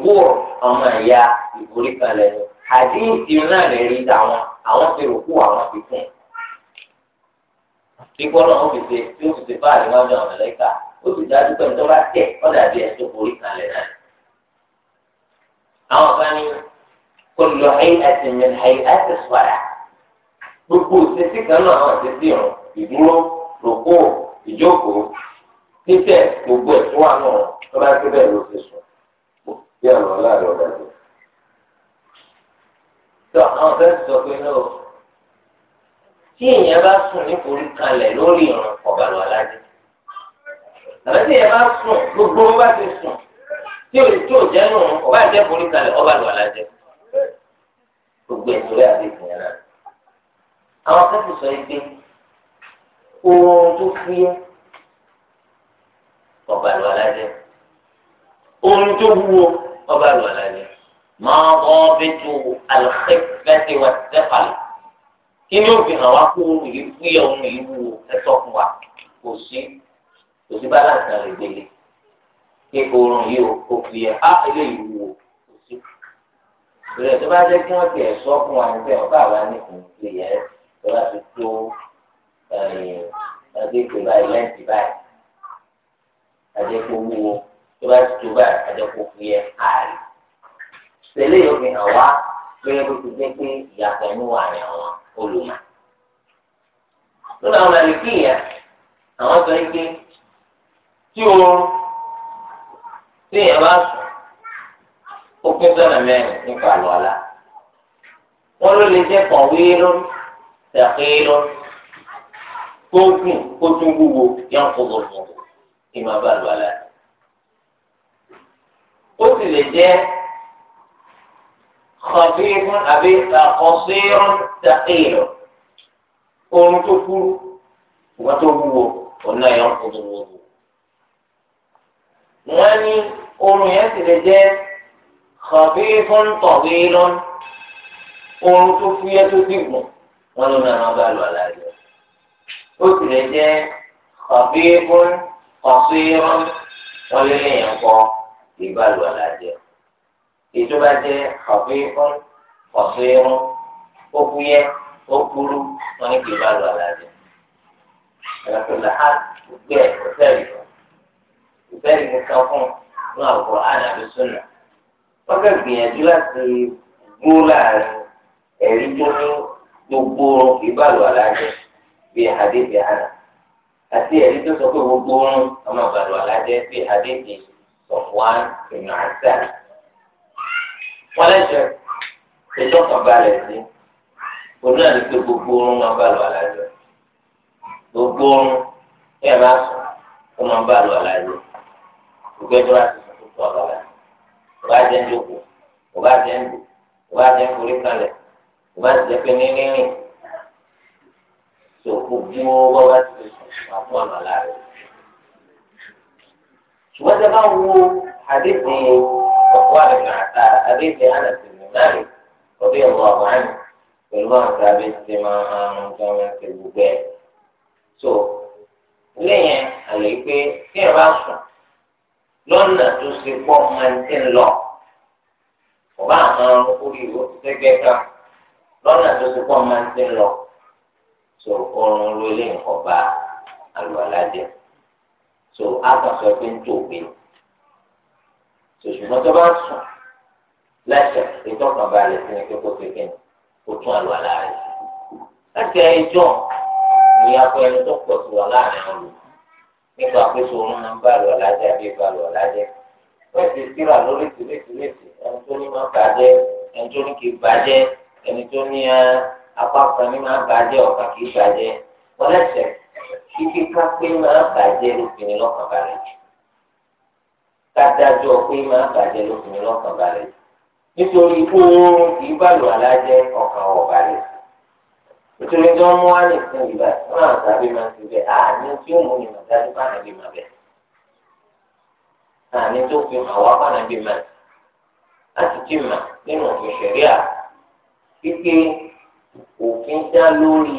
rògbò ọmọ ìyá ìforíkalẹ̀ ni àdéhìsì náà lè rí tàwọn àwọn ti rògbò àwọn ti fún un. Bíkọ́ náà ó fi ṣe tí ó fi ṣe báàlì wájú àwọn ẹ̀lẹ́ka ó sì dájú pé nítorí bá tẹ̀ ọ́ dàbí ẹ̀ tó náà. Àwọn kan ní kò lọ hay'ati min hay'ati as-salah. Gbogbo òṣèṣì kan náà àwọn òṣèṣì rùn ìdúró rògbò ìjókòó títẹ̀ gbogbo ẹ̀ tó wà náà tó bá ti bẹ́ẹ̀ ló bí àwọn aláàrẹ ọ̀dà tó. tó àwọn fẹ́ sọ pé náà tí èèyàn bá sùn nítorí kalẹ̀ lórí ìrùn ọ̀bàlù aládé àbẹ́ tí èèyàn bá sùn gbogbo wọn bá ti sùn tí o tí ò jẹ́ nù ọba ìjẹ́ forí kalẹ̀ ọ̀bàlù aládé gbogbo ìtòrí àti ìtìyàn náà. àwọn akẹ́kọ̀ọ́ sọ yìí pé oorun tó fúyẹ́ ọ̀bàlù aládé oorun tó wúwo ọba àlùwàlà ni máa bọ́ bẹ́tù àlùkẹ́fẹ́tì wà sẹ́fàlì kí ni òfin hàn wá kó yìí fúyẹ́ ohun yìí wù ẹ̀sọ́ fún wa kò sí kò sí balance náà lè gbélé kí oorun yìí o kò fi ẹ̀ á eléyìí wù o kò sí. ìrẹ̀ tó bá jẹ́ kí wọ́n ti ẹ̀sọ́ fún wa níbẹ̀ ọba àwa ní kò sí ẹ̀ tó bá ti tó ẹ̀ẹ́dẹ́gbẹ̀rẹ́ báyìí lẹ́ǹtì báyìí àjẹkọ̀ wúwo tó bá ti tó báyìí àjẹkù fi yẹ ààrẹ tẹ́lẹ̀ yóò fi hàn wá gẹ́gẹ́ bó ti jẹ́ pé ìyàtọ̀ inú wà ní àwọn olùmọ̀ lórí àwọn àlèkí yẹn àwọn sọ pé tí o tí èèyàn bá sùn ó pín sọ́nà mẹ́rin nípa àlọ́ àlá wọ́n ló lè jẹ́ kọ̀wé lórí tẹ̀kí lórí gùn kó tún wúwo yẹn ń fọwọ́ ìmọ̀ bá lọ àlá rẹ̀ ó sì lè jẹ́ kọ̀bíhún àbí àkọsíhún dàkìlù oorun tó kúrú ìwọ́n tó wúwo ọ̀nà ẹ̀ ń kojú wọ́wọ́. wọ́n ní oorun yẹn sì lè jẹ́ kọ̀bíhún tọ̀bílù oorun tó fúyẹ́ tó sì gùn ló náà bá lọ àlàyé ó sì lè jẹ́ kọ̀bíhún kọ̀síhún wọ́n lé lẹ́yìn kọ́ kì í bá lu àlàjẹ ìjọba jẹ àfihàn ọ̀sẹ̀rún ókúyẹ ókúrú wọn ní kì í bá lu àlàjẹ ẹ̀rọ̀tọ̀lá á gbé ọ̀sẹ̀rì ìbẹ́rì nìkan fún ní àwòkọ́ àdàbẹ̀sọ̀nà wọ́n fẹ́ gbìyànjú láti gbó láàrin ẹ̀rí tó ní gbogbo ìbálò alájẹ bíi àdébì àná àti ẹ̀rí tó sọ pé gbogbo ọmọ ìbálò alájẹ bíi àdébì صفوان بن عسان ولا شك ìjọba balẹ̀ sí òun náà ní pé gbogbo oorun máa bá lọ àlàyé gbogbo oorun ẹ máa sùn ó máa bá lọ àlàyé gbogbo ẹjọ́ láti sùn tó tọ́ ọ̀la ọba jẹ́ ń jókòó ọba jẹ́ ń dùn ọba jẹ́ ń forí kalẹ̀ ọba jẹ́ pé ní rírìn tó gbogbo bọ́ bá ti sùn máa fún ọ̀nà láàrin ṣùgbọ́n tẹ bá wo àdéhùn ọ̀pọ̀ àdéhùn àdéhùn ànàtì mẹ́rin ọdún ìwọ̀n ọ̀gbọ́n àná pẹ̀lú àwọn tàbí ti máa ń jọ wọn ti gbogbo ẹ̀. so ilé yẹn àlè pé tí ẹ bá sùn lọ́nà tó ṣe pọ̀ máa ń tẹ̀ lọ ọba àwọn orí ìwọ kan lọ́nà tó ṣe pọ̀ máa ń tẹ̀ lọ so oorun ló lè ń bá àlùwàlá jẹ́ so àkànṣe ọgbẹ́ ń tó gbé so ṣùgbọ́n tó bá sùn lẹ́sẹ̀ ìtọ́kàn balẹ̀ sí ni kókó kékeré kó tún àlọ́ àlá rẹ̀ láti ẹjọ́ ní akọ ẹni tó pọ̀ sí wa láàrin àwọn olùkọ́ nípa pé sòun máa ń bá lọ lájẹ àbí bá lọ lájẹ wọ́n ti síra lórí tìrẹ́tìrẹ́tì ẹni tó ní máa bàjẹ́ ẹni tó ní kì í bàjẹ́ ẹni tó ní apá kan ní máa bàjẹ́ ọ̀kan kì í bàjẹ́ wọ́n lẹ́sẹ̀ kíkí ká pé máa bàjẹ́ lóbìnrin lọ́kàn balẹ̀ jù kádájọ́ pé máa bàjẹ́ lóbìnrin lọ́kàn balẹ̀ jù nítorí oorun kì í bàlù alájẹ́ ọkàn ọ̀balẹ̀ nítorí tí wọ́n mú wá lè fún ìgbà tí wọ́n àtàbí máa ti bẹ̀ àní tí ó mú ni màá dájú bá nàbí máa bẹ̀ àní tó fi hàn wá bá nàbí máa láti jí mà nínú òfin ṣẹ̀ríà kíkí òfin dá lórí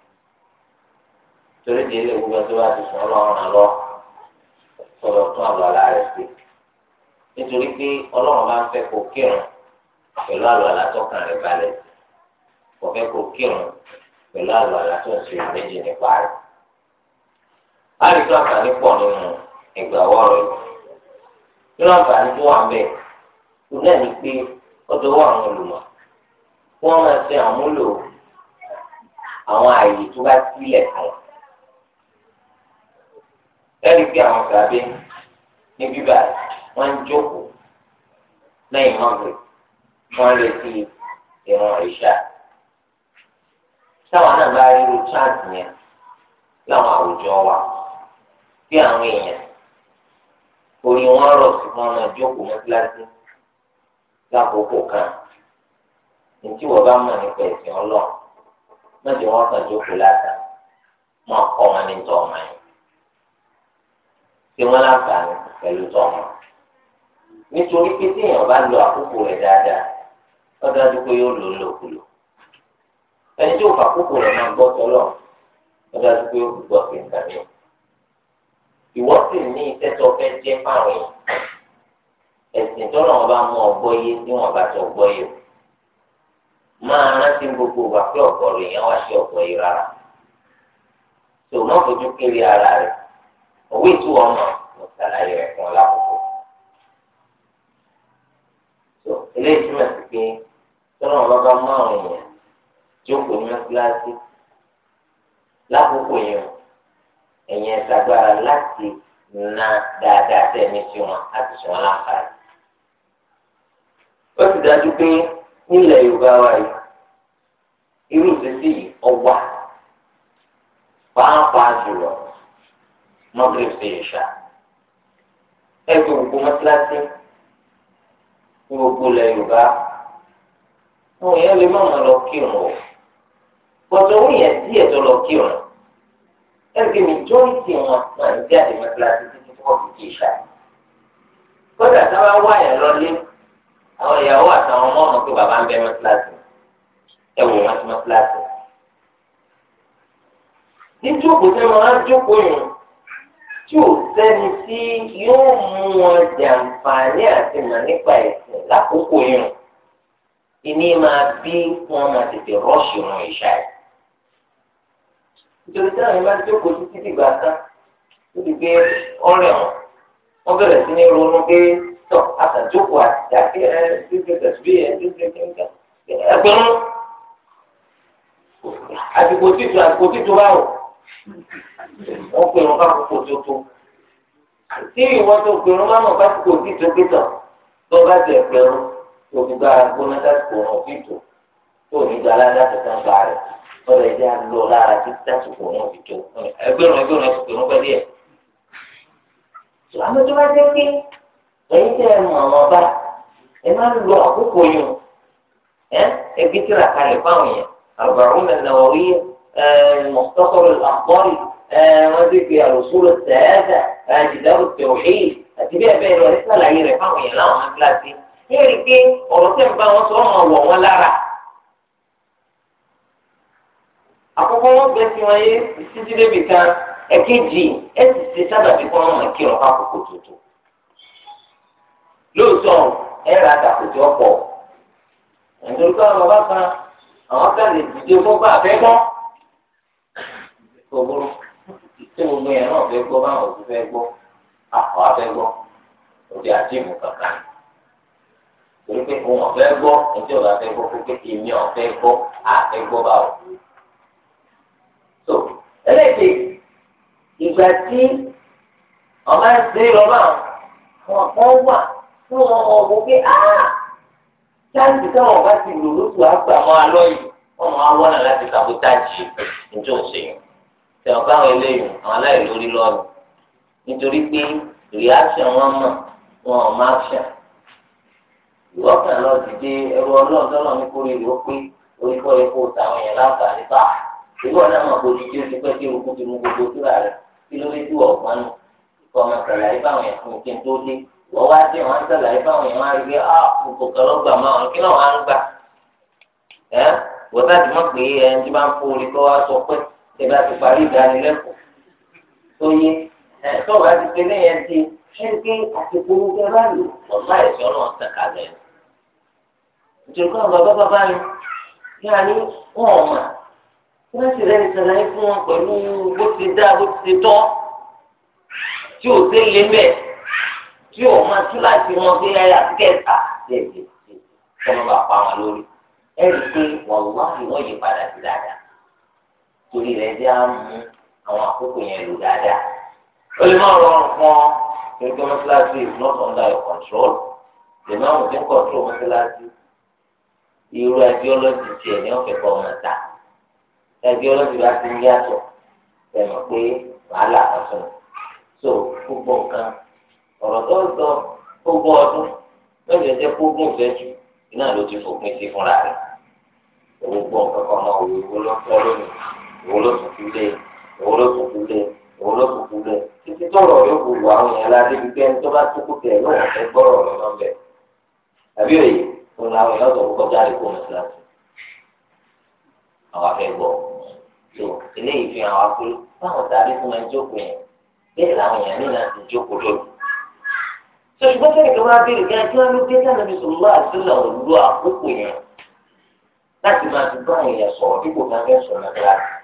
torí di ilé gbogbo tó bá ti sùn ọlọ́run lọ sọ̀rọ̀ tún àlọ́ àlá rẹ̀ sí nítorí pé ọlọ́run bá ń fẹ́ kó kírun pẹ̀lú àlọ́ àlá tọkàn rẹ̀ balẹ̀ kò fẹ́ kó kírun pẹ̀lú àlọ́ àlá tó ń ṣe méjì nípa rẹ̀. àríkú àǹfààní pọ̀ nínú ìgbàwọ́ rẹ̀ nínú àǹfààní tó wà bẹ́ẹ̀ kò náà ní pé ọjọ́ wà àwọn olùmọ̀ wọ́n máa ṣe àmúlò àwọn àyè tó bá sílẹ̀ fún ẹ̀rí pé àwọn sàbẹ ní bíbá wọn ń jókòó lẹ́yìn mọ́gbẹ́ wọn retí ìrun ìṣá táwọn náà bá rí irú chance yẹn láwọn àwùjọ wa bí àwọn èèyàn orí wọn rọ̀ sí wọn kan ntí wọba bá mọ̀ nípa ẹ̀sìn ọlọ́run wọn kàn jókòó látà wọn ṣe wọn láǹfààní pẹ̀lú tọmọ nítorí pé lo àkókò rẹ dáadáa wọn dájú pé yóò lò ó lòkulò ẹni tí fà àkókò máa tọlọ wọn dájú pé yóò sí ìwọ sì ní tọrọ wọn bá mú ọgbọ yé tí wọn bá tọ gbọ yìí máa rántí gbogbo wà pé ọ̀pọ̀ rèé wá sí yìí rárá tòun ara òwe ìtú ọmọ mo ṣàlàyé rẹ̀ fún ọ lákòókò. tó eléyìí túmọ̀ sí pé tọ́nà ọlọ́ba márùn yẹn jókòó ní kíláàsì lákòókò yẹn ẹ̀yìn ẹ̀sàgbára láti na dáadáa tẹ̀mí sí wọn láti sọ wọn láǹfààní. ó sì dájú pé nílẹ̀ Yorùbá wa yìí irú ìṣesí yìí ọwà pàápàá jùlọ magreth ṣe ìṣá ẹ fi gbogbo mọ́tíláṣí ní gbogbo ilẹ̀ yorùbá àwọn èèyàn lè o mọ̀ lọ kírun o pọ̀tọ́ wọ́n yẹn díẹ̀ tó lọ kírun ẹ fi mìjọ́rìtì wọn máa ń jáde mọ́tíláṣí títí tí wọ́n fi kí ìṣá kódà táwa wá yẹn lọlé àwọn ìyàwó àtàwọn ọmọ ọmọ pé ń bẹ mọ́tíláṣí ẹ wò wọ́n sí mọ́tíláṣí. ní jókòó sẹ́wọ̀n á jókòó yùn tí ò sẹ́ni tí yóò mú wọn jàǹfààní àti mà nípa ẹ̀sìn lákòókò yẹn ìní máa bí wọn máa tètè rọ́ọ̀ṣì wọn ìṣá ẹ̀. nítorí táwọn yẹn máa jókòó títí dìgbà kan ó ti gbé ọ̀rẹ́ wọn wọ́n bẹ̀rẹ̀ sí ní ronú pé tọ́ àtàjókòó àti àti ẹ̀ ṣíṣe tẹ̀síbí ẹ̀ ṣíṣe kẹ́kẹ́ ẹgbẹ̀rún àsìkò títù àsìkò títù báwò wọ́n pè wọ́n bá kókó tó tó tí ìwọ́n tó pè wọ́n bá mọ̀ bá kókó tí tó pé tán tó bá tẹ̀ pẹ̀rún òdùgbà gbóná dásìkò wọn fi tó tó ní gba aládá tẹ̀sán gba rẹ̀ lọ́dọ̀ ẹ̀dẹ́ á lọ lára tí dásìkò wọn fi tó ẹgbẹ́rún ẹgbẹ́rún ẹ̀sìn pẹ̀rún pẹ́ díẹ̀. àmọ́ tó bá jẹ́ pé ẹ̀yin tẹ́ ẹ mọ̀ àwọn ọba ẹ máa ń lo àkókò yìí ẹ ẹ gbé tíra kalẹ̀ fáwọn yẹn àgbà مختصر الأخباري في رسول السعادة كتاب التوحيد àtibí ẹ̀bẹ́ ìlú ẹ̀rí sàlàyé rẹ̀ fáwọn èèyàn láwọn akíláàsì yóò rí i pé ọ̀rọ̀ tẹ̀ ń bá wọn sọ ọmọ wọ̀ wọn lára. àkọ́kọ́ wọn bẹ sí wọn yé títí débi kan ẹ̀kejì ẹ̀ sì ṣe sábàbí kọ́ ọmọ ìkírun fákòókò tuntun. lóòótọ́ ẹ ra àtàkùtì ọ̀pọ̀ ẹ̀ńdọ́rọ́kọ́ àwọn bàbá kan àwọn kan lè dìde fún bá àfẹ́ gbogbo tí o yẹn náà fẹ́ gbọ́ báwọn torí pé òun ọ̀fẹ́ gbọ́ ẹjọ́ gbọ́ pé èmi ọ̀fẹ́ gbọ́ gbọ́ so ẹlẹ́dẹ̀ ìgbà tí ọba ń ṣe lọ́ba wọn kan wà tí wọn mọ̀ pé táàgì táwọn ọba ti lò lóṣù àgbà máa lọ yìí wọn máa tẹ̀wọ́n káwọn eléyìí àwọn aláìlórí lọ́rùn nítorí pé reaction wọn mọ̀ wọn ò máa ṣà ìwọ kan lọ dìde ẹrù ọlọ́run tọ́lọ̀ ní kórè ló pé orí kọ́ epo táwọn èèyàn láǹfààní bá ìwọ náà mọ̀ kó dìde oṣù pẹ́ kí orúkú ti mú gbogbo síra rẹ̀ kí ló dé tí wọ́n gbọ́n nù ìkọ́ ọmọ sàlàyé báwọn èèyàn fún kí n tó dé wọ́n wá dé wọn sàlàyé báwọn èèyàn wá rí pé á kò kàn lọ́ gbà máa wọn kí náà wọ́n á ń gbà ẹ́ wọ́n sá mọ̀ pé ẹni tí bá ń fún orí kọ́ wá sọ pé ìbá ti parí ìdánilẹ́kọ̀ọ́ tó yé ẹ̀tọ́ bá ti pe lẹ́yìn ẹtì ṣẹ́ńkì àti polúkẹ́ bá lò ọ̀gá ẹ̀sọ́ náà tẹ̀ka lẹ́nu. ìjọba bàbá bàbá mi yára ní wọn ò mà kí wọ́n sì rẹ́ni sàlàyé fún wọn pẹ̀lú bó ti dá bó ti tọ́ tí ò sí lé mẹ́ tí ò máa tú láti wọn bí ayé àti kẹta lẹ́yìn tí wọ́n bá pa wọn lórí ẹ̀rí pé wọ́n wá ìwọ́n yí padà sí dáadáa torí rẹ̀ jẹ́ àmú àwọn àkókò yẹn lò dáadáa. ó lè má rọrùn fún ọ pẹ̀lú mọ́sálásí is not under your control the man who dey control mọ́sálásí irú ideology tiẹ̀ ní ọ̀fẹ́ kọ́ ọmọ ta ideology bá ti ń yàtọ̀ tẹ̀mọ̀ pé wàhálà kan sùn so gbogbo nǹkan ọ̀rọ̀ tó ń sọ gbogbo ọdún lọ́jọ́ jẹ́ gbogbo ìfẹ́jú iná ló ti fòpin sí fúnra rẹ̀ gbogbo nǹkan kan náà wò ó lọ́pọ̀ lónìí ìwọ ló sùn sílé ìwọ ló sùn sílé ìwọ títí tọrọ yóò gbogbo àwọn yẹn ládé bí pé ẹni tó bá tó kó tẹ lóun fẹ́ gbọrọ lọ lọ bẹ àbí òye fún làwọn yẹn lọsọ kọjá rẹ kó mọsálásí àwọn afẹ tó eléyìí fi hàn wá pé báwọn tàbí fún ẹni jókòó yẹn bẹ́ẹ̀ làwọn yẹn ní láti jókòó lónìí ṣùgbọ́n sẹ́yìn tó máa kí ẹjọ́ ló dé sẹ́yìn bí sọ̀rọ̀ àtúnlẹ̀ àkókò yẹn láti máa fi bá èèyàn sọ̀rọ̀ dípò náà fẹ́ sọ̀rọ̀ kíláàsì.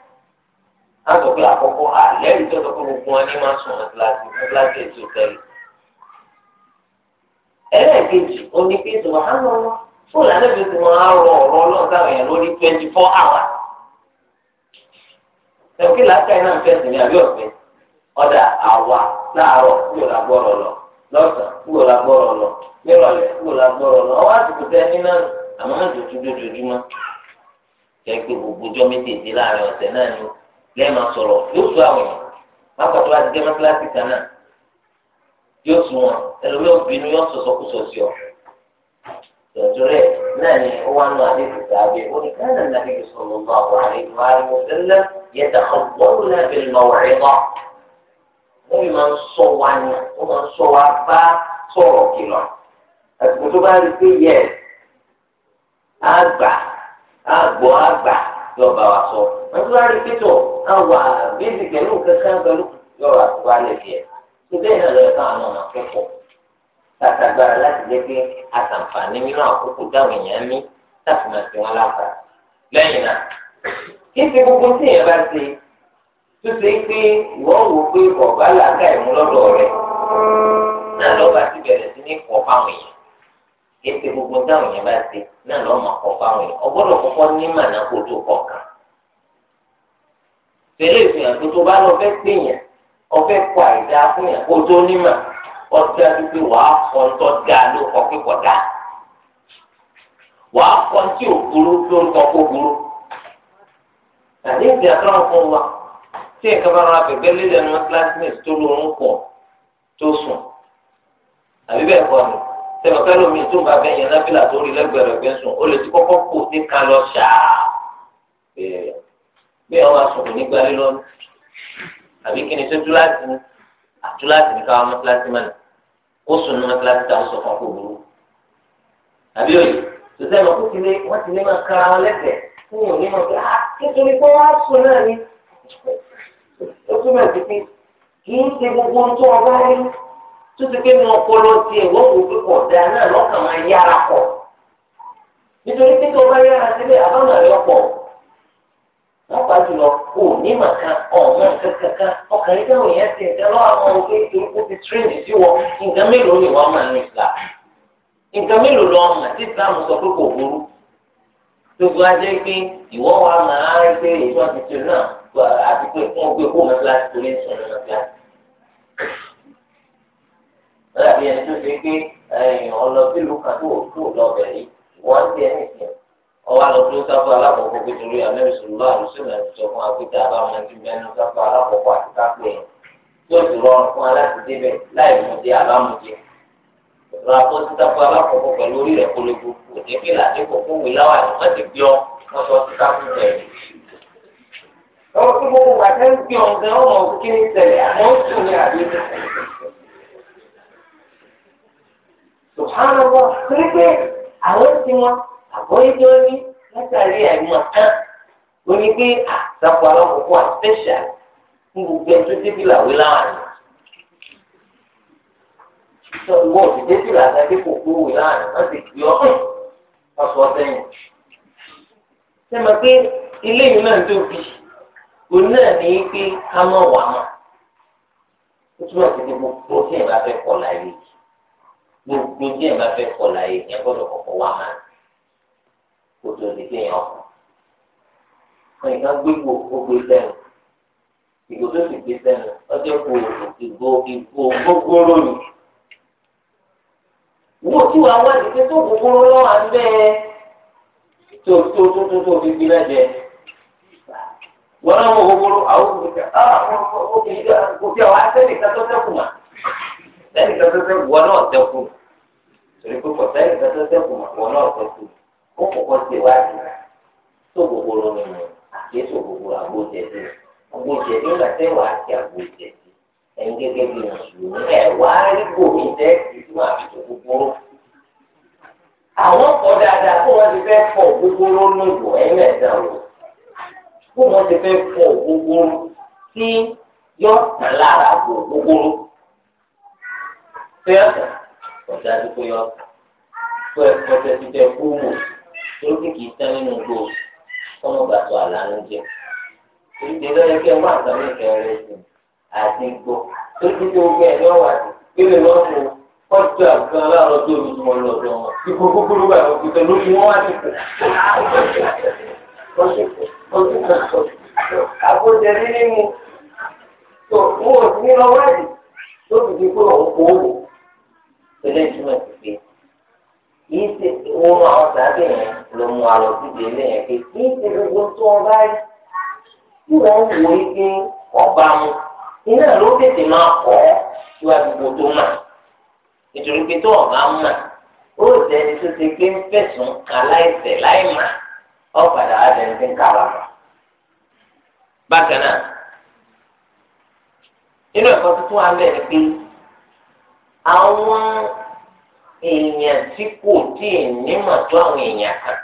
látọ̀ pé àkọ́kọ́ àlẹ́ ìjọba pé gbogbo wọn ní máa sùn wọn gíláàsì wọn gíláàsì ètò tẹ́lẹ̀. ẹlẹ́ẹ̀kejì oníkejì wà á lọ fóònù àlẹ́bí tí wọ́n á rọ ọ̀rọ̀ ọlọ́run táwọn èèyàn lórí twenty four hours. ẹ̀kí làákà iná ń fẹ́sìn ní àbí ọ̀fẹ́ ọ̀dà àwa láàárọ̀ kúrò lágbọ́rọ̀ lọ lọ́sàn-án kúrò lágbọ́rọ̀ lọ nírọ̀lẹ́ kúrò lágbọ́rọ̀ lọ ọwọ́ àmọ́ tó kẹ́gbẹ́ gbogbo ọjọ́ méjèèjì láàrin lẹ́ẹ̀ma sọ̀rọ̀ yóò sọ àwọn yẹn pápá tó bá ti dé kíláàsì kan náà yóò sùn wọn ẹlòmíràn bínú yóò sọ̀sọ̀ kú sọ̀sì ọ̀ tòtòrẹ́ náà ni ó wá nù àdéhùn sàbẹ̀ ó ní káyọ̀ náà bẹ̀rẹ̀ lọ́wọ́ lọ. máa ń sọ wa ni wọ́n máa ń sọ wa bá sọ̀rọ̀ kìlọ̀ sọ̀rọ̀. wọ́n bá rí pító àwọn àbíyèsí pẹ̀lú kankan pẹ̀lú yọ̀rọ̀ àtúwá lè fi ẹ̀ síbẹ̀ náà lọ́yẹ̀ káwọn ọmọ akẹ́kọ̀ọ́ tàtàgbára láti jẹ́ pé àtàǹfààní nínú àkókò dáwọn èèyàn láti máa gbogbo tí èèyàn bá ṣe tó ṣe wò pé ọ̀gá làákà ìmú lọ́dọ̀ rẹ̀ náà bá ti bẹ̀rẹ̀ sí ní gbogbo èèyàn bá ṣe náà lọ́ọ́ máa fáwọn èèyàn ọgbọ́dọ̀ kọ́kọ́ tẹ̀lé ìfihàn tó tó bá lọ fẹ́ pè yẹn ọfẹ́ kọ àìdá fún yẹn kó tó nímà ọtí àdúgbò wàá kọ́ ńtọ́ dáa ló kọ́ kíkọ́ dáa wàá kọ́ ntí òkúrú tó ń tọ́ kó burú àní ìdí àtọ́nà fún wa tí ẹ̀ka bá rọra bẹ̀bẹ̀ lílẹ̀ ní classmate tó lóorun pọ̀ tó sùn àbí bẹ́ẹ̀ kọ́ ni tẹ̀mọ̀kẹ́ lómi tó ń bá bẹ́ẹ̀ yẹn nábìlà tó rí lẹ́gbẹ̀rẹ̀ gbẹ̀ sùn ó lè ti kọ́kọ́ kó ní ká lọ ṣáá bí ọmọ asọ̀kò nígbà rí lọ́nù àbí kí ni tó túláàsì ní àtúláàsì ní káwọn mọ́tíláàsì mọ́nà ó sùn ní mọ́tíláàsì táwọn sọ fún ọkọ̀ òwúrò àbí òye tòtẹ́ ìmọ̀ kókì lé wọ́n ti lé máa kára wọn lẹ́sẹ̀ fún òní mọ̀ pé á ah, pé wọ́n á sùn náà ni ó túmọ̀ sí pé kì í ṣe gbogbo ohun tó ọba rí tó ti pé nu ọpọlọ tiẹ̀ wọ́n kò fi pọ̀ dáa náà lọ́kàn máa yára pọ̀ nítorí wọ́n pa jùlọ kò ní màkà ọ̀mọ́ kankankan ọkàn yìí dáhùn yẹn ti ẹ̀jẹ̀ lọ́wọ́ àwọn òwe ìdókòwò ti tírèmì sí wọ nǹkan mélòó ni wọ́n máa ní ìlà nǹkan mélòó lọ́wọ́ mà tí ìsìlámù sọ pé kò burú gbogbo ajé pé ìwọ́ wa máa ń gbé ìjọ tuntun náà àti pé fún ọgbẹ́ kó máa láti torí sùn ní ọjà. ọ̀làbí ẹni tó ṣe pé ọlọ́bí lu kan tó lọ bẹ̀rẹ̀ wọ́n ti ọwọ́ àlọ́dún sáfù alákọ̀ọ́kọ́ pé torí ànábì sọ̀rọ̀ àlùsọ̀nà sọ fún akéde abámọ́tí mẹ́nu sáfù alákọ̀ọ́kọ́ àti sáfù yẹn yóò sì rọrùn fún aláti débẹ̀ láì mú di abámọ́tí. ọ̀rọ̀ àpótí sáfù alákọ̀ọ́kọ́ pẹ̀lú orí rẹ̀ polówó kò ní kí làdé kò fún wí láwà ní wọ́n ti gbé ọ wọ́n sọ sí sáfù bẹ́ẹ̀. ni tẹ̀lé àkọ́yé tó ní látàrí àìmọ̀ kan ó ní pé àtàkùn alákòókò àtẹ̀ṣà ń gbogbo ẹjọ́ débi làwé láàrin. sọ ìwọ òsì débi làwé dípò kúrò láàrin wọ́n sì gbé ọ́ wọ́n sọ sẹ́yìn. ṣé mo pé ilé yìí náà tóbi òun náà ní pé ká mọ̀ wà mọ̀ ó túmọ̀ sí pé gbogbo tí ẹ̀ bá fẹ́ kọ̀ láyé gbogbo tí ẹ̀ bá fẹ́ kọ̀ láyé ẹ̀ gbọ́dọ̀ kọ̀kọ̀ wà máa kò tó di pé yàn kù. wọn ìka gbégbó ó gbé sẹ́nu ìgò sì gbé sẹ́nu ọjọ́ kò ìgò ìgò gbogbooro ni. wo tí wàá wá tó gbogbooro lọ́wọ́ à ń bẹ́ẹ̀ tó tó tó tó tó fi gbilẹ̀ jẹ wọn ah, náà wọ gbogbooro àwọn òkè òkè òkè àwọn asẹ́nìkan tó sẹ́kù mà sẹ́nìkan tó sẹ́kù wọn náà sẹ́kù torí pé kò sẹ́nìkan tó sẹ́kù mà wọn náà sẹ́kù ó kọ́kọ́ ṣe wádìí rẹ̀ tó gbogbo lómi mu àti tó gbogbo àgbo jẹ̀bi àgbo jẹ̀bi ńlá tẹ́ wàá ti àgbo jẹ̀bi ẹ̀yin gẹ́gẹ́ bí mùsùlùmí ẹ̀ wá rí gòmí jẹ́ ìtumọ̀ àti tó gbogbo àwọn kọ dáadáa kó wọn ti fẹ́ fọ gbogbo lónìbò ẹ̀yìn ẹ̀dá o kó wọn ti fẹ́ fọ gbogbo tí yọ tàn lára gbogbo fẹ́ẹ̀tàn ọ̀dájú pé yọ fẹ́ẹ̀tàn tó ẹ̀fọ́ tẹ́tí tẹ́ kú mọ̀ sí torí kì í tán nínú gbòó kọ́mọ bá tó àlànà jẹ torí ti lọ́yẹ kí ẹ má àtàwọn ìkẹrẹ sí àti gbò torí ti tó gbẹ ẹ̀yọ́ wà sí kí lè lọ́ fún kọ́jú àgbọn aláàrọ̀ tó omi tó wọn lọ sọ wọn ipò kúkúrú bá wọn kúta lórí wọn wá sí kù. àkójẹ nílé mu tó wọn ò sí ní lọ wáyé tó fi di pé òun kò wò. tẹ́lẹ̀ ìtumọ̀ ti fi kì í ṣe ìwọ́n àwọn sàbẹ̀ yẹn ló mú àlọ́ síbi ilé yẹn pé kì í ṣe gbogbo tó ọ báyìí tí wọ́n wò ó pé ọba mu iná ló tètè máa kọ́ síwájú gbogbo tó mà nítorí pé tó ọba mà ó dẹni tó ti gbé ń fẹ̀sùn kan láìṣẹ̀ láì mà ọ padà á dẹni tí ń kára mà. bákan náà nínú ẹ̀kọ́ tuntun wa ń bẹ̀rẹ̀ pé àwọn. èèyàn tí kò tí ì nímọ̀ tó àwọn èèyàn kan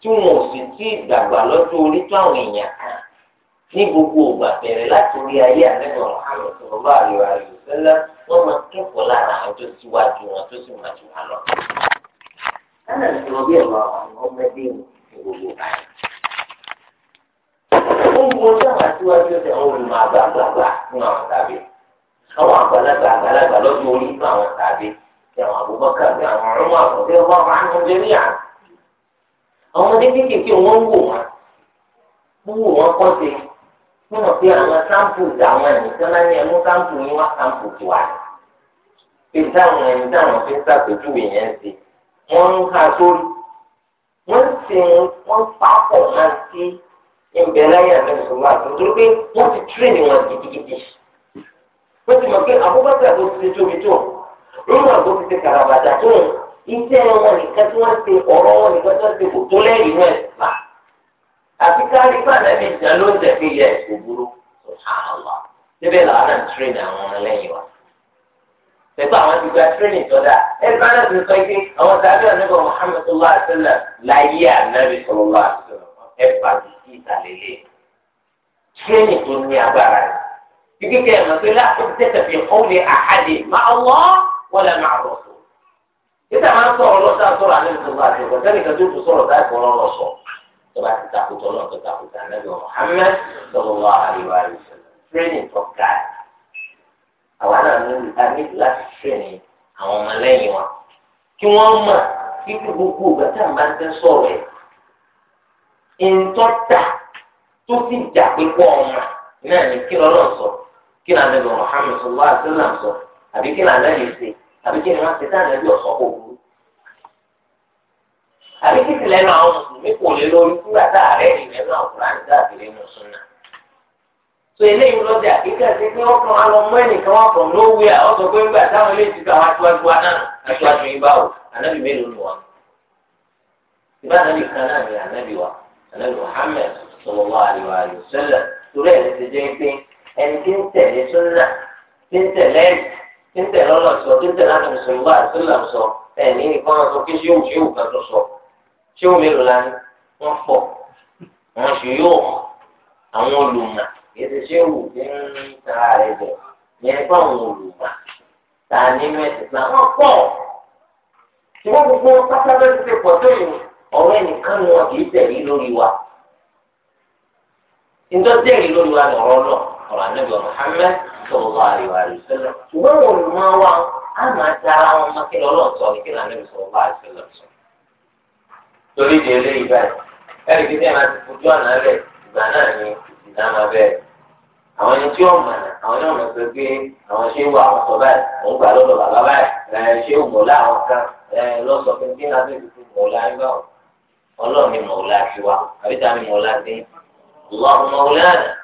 tí wọn ò sì tí ì dàgbà lọ́jọ́ orí tó àwọn èèyàn kan ní gbogbo ògbà bẹ̀rẹ̀ láti orí ayé àlẹ́gbọ̀n Muhammad àríwá àríwá wọ́n máa kẹ́kọ̀ọ́ lára àwọn tó wọn tó sì máa jù lọ. ní bí ẹ̀rọ àwọn ọmọdé ní gbogbo báyìí. Ó ń gbọ́dọ̀ àwọn àgbàlagbà àgbàlagbà lọ́jọ́ orí fún àwọn tàbí ti àwọn Abubakar bí àwọn ọ̀rùn àkọsí ọba àwọn ànújẹríà àwọn ọmọdé kéékèèké wọn ń wò wọn wíwò wọn kọ́ sí wọn mọ̀ pé àwọn sáǹpù àwọn ẹ̀nìkan náà ní ẹnu sáǹpù ní wọn sáǹpù ti wà ní. pé táwọn ẹni táwọn fi ń ṣàpèjúwe yẹn sí wọn ń ká sórí wọn sì wọn pápọ̀ máa sí ìbẹ̀rẹ̀ yẹn lẹ́sùn láti nítorí pé wọ́n ti tírèdì ó ti mọ̀ pé abúgbàtà tó ti tóbi tó nínú àgbo ti ti kàràbàtà tó iṣẹ́ wọn nìkan tí wọ́n ti ọ̀rọ̀ wọn nìkan tí wọ́n ti kò tó lẹ́yìn náà fà àti kárí fàlẹ́bí ìjà ló ń tẹ̀lé yẹ òbúrú ṣàlọ́ síbẹ̀ làwọn náà àwọn ọmọ wa pẹ̀lú àwọn ti gba tírèdì tọ́da ẹ bá náà ti sọ pé àwọn sábẹ́ ọ̀nẹ́bọ̀ Muhammad sọlá láyé ànábì sọlá ẹ bá ti sí ìtàlélẹ̀ tírèdì tó ní agbára rẹ̀ kíkẹ́ kẹ́ ẹ̀mọ́ pé láti tẹ̀sẹ̀ fi kọ́lé àhàdè máa wọ́ wọlé máa rọ̀ sọ. Títà máa ń sọ̀rọ̀ lọ́sà sọ̀rọ̀ àlẹ́ ìṣòro àti ìwọ̀n sẹ́ni kan tó tún sọ̀rọ̀ táì fọ́ lọ́rọ̀ sọ. Tọ́ba ti takùtọ̀ náà tó takùtà nẹ́bí Mùhàmmad sọ̀rọ̀ wà àríwá rẹ̀ sọ̀rọ̀. Training for God. Àwa náà ní ìta ní láti training àwọn ọmọlẹ́yìn wa. Kí wọ́n mọ̀ kí ni ànábì Muhammad sallallahu alaihi wasallam sọ àbí kí ni ànábì ṣe àbí kí ni wọn ṣe táwọn ànábì ọsọ kò burú àbí kí ti lẹ́nu àwọn mùsùlùmí kò lé lórí kúrò tá àárẹ̀ rìn lẹ́nu àwọn kúránì káàkiri nínú súnà so eléyìí lọ́jà kíkà sí pé wọ́n kàn án lọ mọ́ ẹnìkan wọn kàn lówùú à ọ̀sọ̀ pé ńgbà táwọn ilé ìtìkà wọn aṣáájú wa náà aṣáájú yín báwò ànábì mélòó ni wọn. ìbá ànábì kan náà ni ànábì wa ànábì Muhammad sallallahu alaihi wa sallam torí ẹ̀ ti jẹ́ pé ẹni tí ń tẹ̀lé súnà tí ń tẹ̀lé tí ń tẹ̀lé ọ̀nà sọ tí ń tẹ̀lé àtàkùn sọ̀rọ̀ bá àtúnlà sọ ẹ̀mí nìkan sọ pé ṣé òun ṣé òun kan tó sọ ṣé òun mélòó la ní wọ́n pọ̀ wọ́n ṣe yóò àwọn olùmọ̀ ètò ṣé òun ti ń tara rẹ̀ bọ̀ yẹn fún àwọn olùmọ̀ ta nínú ẹ̀sìn náà wọ́n pọ̀ ṣùgbọ́n gbogbo pátá lọ́sí ti pọ̀ tó yìí ọ̀rọ̀ ẹnìkan ni wọn kì í tẹ̀lé lórí wa ìjọ tẹ̀lé lórí wa lọ̀rọ̀ náà ọ̀rọ̀ ànábì Muhammad sallallahu alaihi wasallam ṣùgbọ́n wọn ò máa wá á máa dára wọn má kí lọ́lọ́ sọ kí lànàbì sallallahu alaihi wasallam sọ. torí di eléyìí báyìí ẹ̀rí kí sẹ́yìn máa ti fojú àná rẹ̀ ìgbà náà ni ìdá máa bẹ̀rẹ̀ àwọn ẹni tí ó mọ̀ àwọn ẹni ọ̀nà pé pé àwọn ṣé wà àwọn sọ báyìí òun gbà lọ́dọ̀ bàbá báyìí ṣé òmùlá àwọn kan lọ́sọ̀ pé kí náà bẹ̀rẹ̀ fún mọ̀ọ́lá nígbà wọn ọlọ́run ni mọ̀ọ́lá ti wá àbí ta mọ̀ọ́lá ti ń lọ́ọ́ mọ̀ọ́lá náà.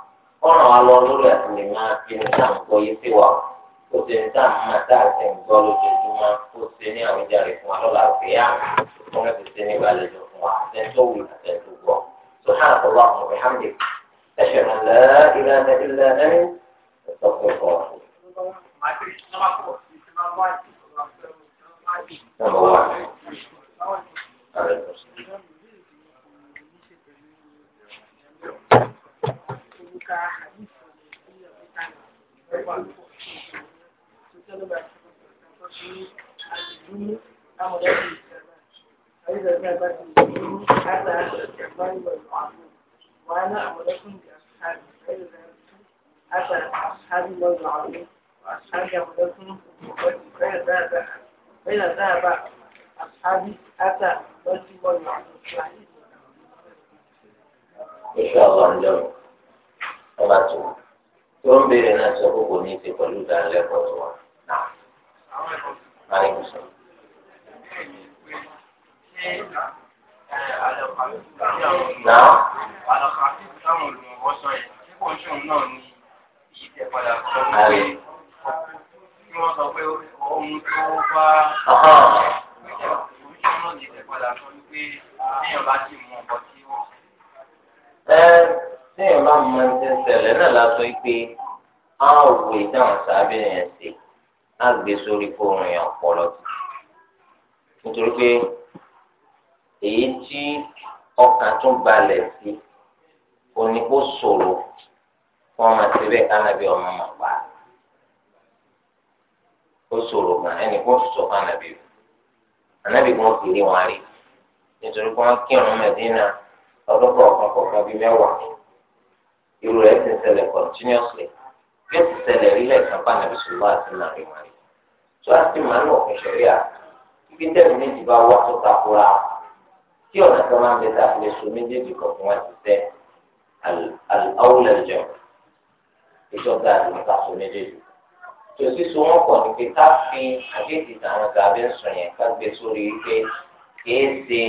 ọ̀ràn wa lọ lórí àti lè máa fi ní sáà ń gbọ́ yé sí wa ó ti ń sáà máa sáà ti ń gbọ́ lójoojúmọ́ ó ti ní àwọn ìjàre fún wa lọ́la òkè yá wọn ti ti ní ìbàlejò fún wa àtẹ̀tọ́ wù àtẹ̀tọ́ gbọ́ سبحانك اللهم وبحمدك أشهد أن لا إله إلا أنت أستغفرك وأتوب وأنا أمركم بأصحابي فإذا ذهبتم أتى أصحابي الله العظيم وأصحابي أمركم فإذا ذهب أصحابي أتى أمركم الله العظيم إن شاء الله نجرب ọba tó tó ń béèrè náà sọ kókò ní ìṣe pẹ̀lú ìdánilẹ́kọ̀ọ́ tó wà náà. Náà. Àlọ́kàtì táwọn olùmọ̀wọ́ sọ yẹn, tí kò ń ṣòun náà ni ìyípadà sọ pé kí wọ́n sọ pé ohun tó bá. àwọn èyí táwọn sábẹ́ yẹn ṣe á gbé sórí fóònù yẹn ọpọlọ nítorí pé èyí tí ọkàn tún balẹ̀ sí òní kó ṣòro fún ọmọ àti bẹ́ẹ̀ kánábì ọmọ mọ̀ pa ó ṣòro gan ẹnì kó sọ kánábì ànábì kan kì í rí wọn rí nítorí pé wọn kírun bẹ́ẹ̀ ti ṣẹlẹ̀ rí lẹ́ẹ̀kan bá nàbí sùnmọ́ àti nàbí wọn rí tó a ti máa ń lọ fún ṣẹ̀ríà ibi tẹ́lẹ̀ méjì bá wà tó takora tí ọ̀nà kan máa ń bẹ tá a fi lè so méjèèjì kan fún wa ti tẹ́ àwùlẹ̀ jọ ìjọba àdúgbò ká so méjèèjì tó sì so wọn pọ̀ ní ká fi àdéhìí àwọn gàbẹ́ sùn yẹn ká gbé sórí wípé kìí ṣe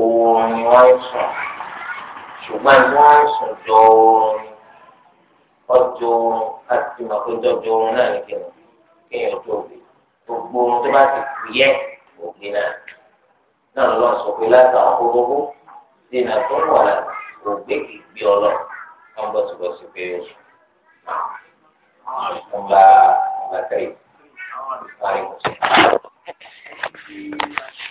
oorun ni wọ́n ń sùn ṣùgbọ́n ọjọ́ oorun àti ìmọ̀kójọ́ ọjọ́ oorun náà ní kíni kéèyàn tó gbé gbogbo oorun tó bá ti kú yẹ ògbé náà náà lọ sọ pé látàwọn kókókó dènà tó wà ògbé kì í gbé ọ lọ wọn bọ síbọ sí pé o sùn ọba ọba tẹ̀lé.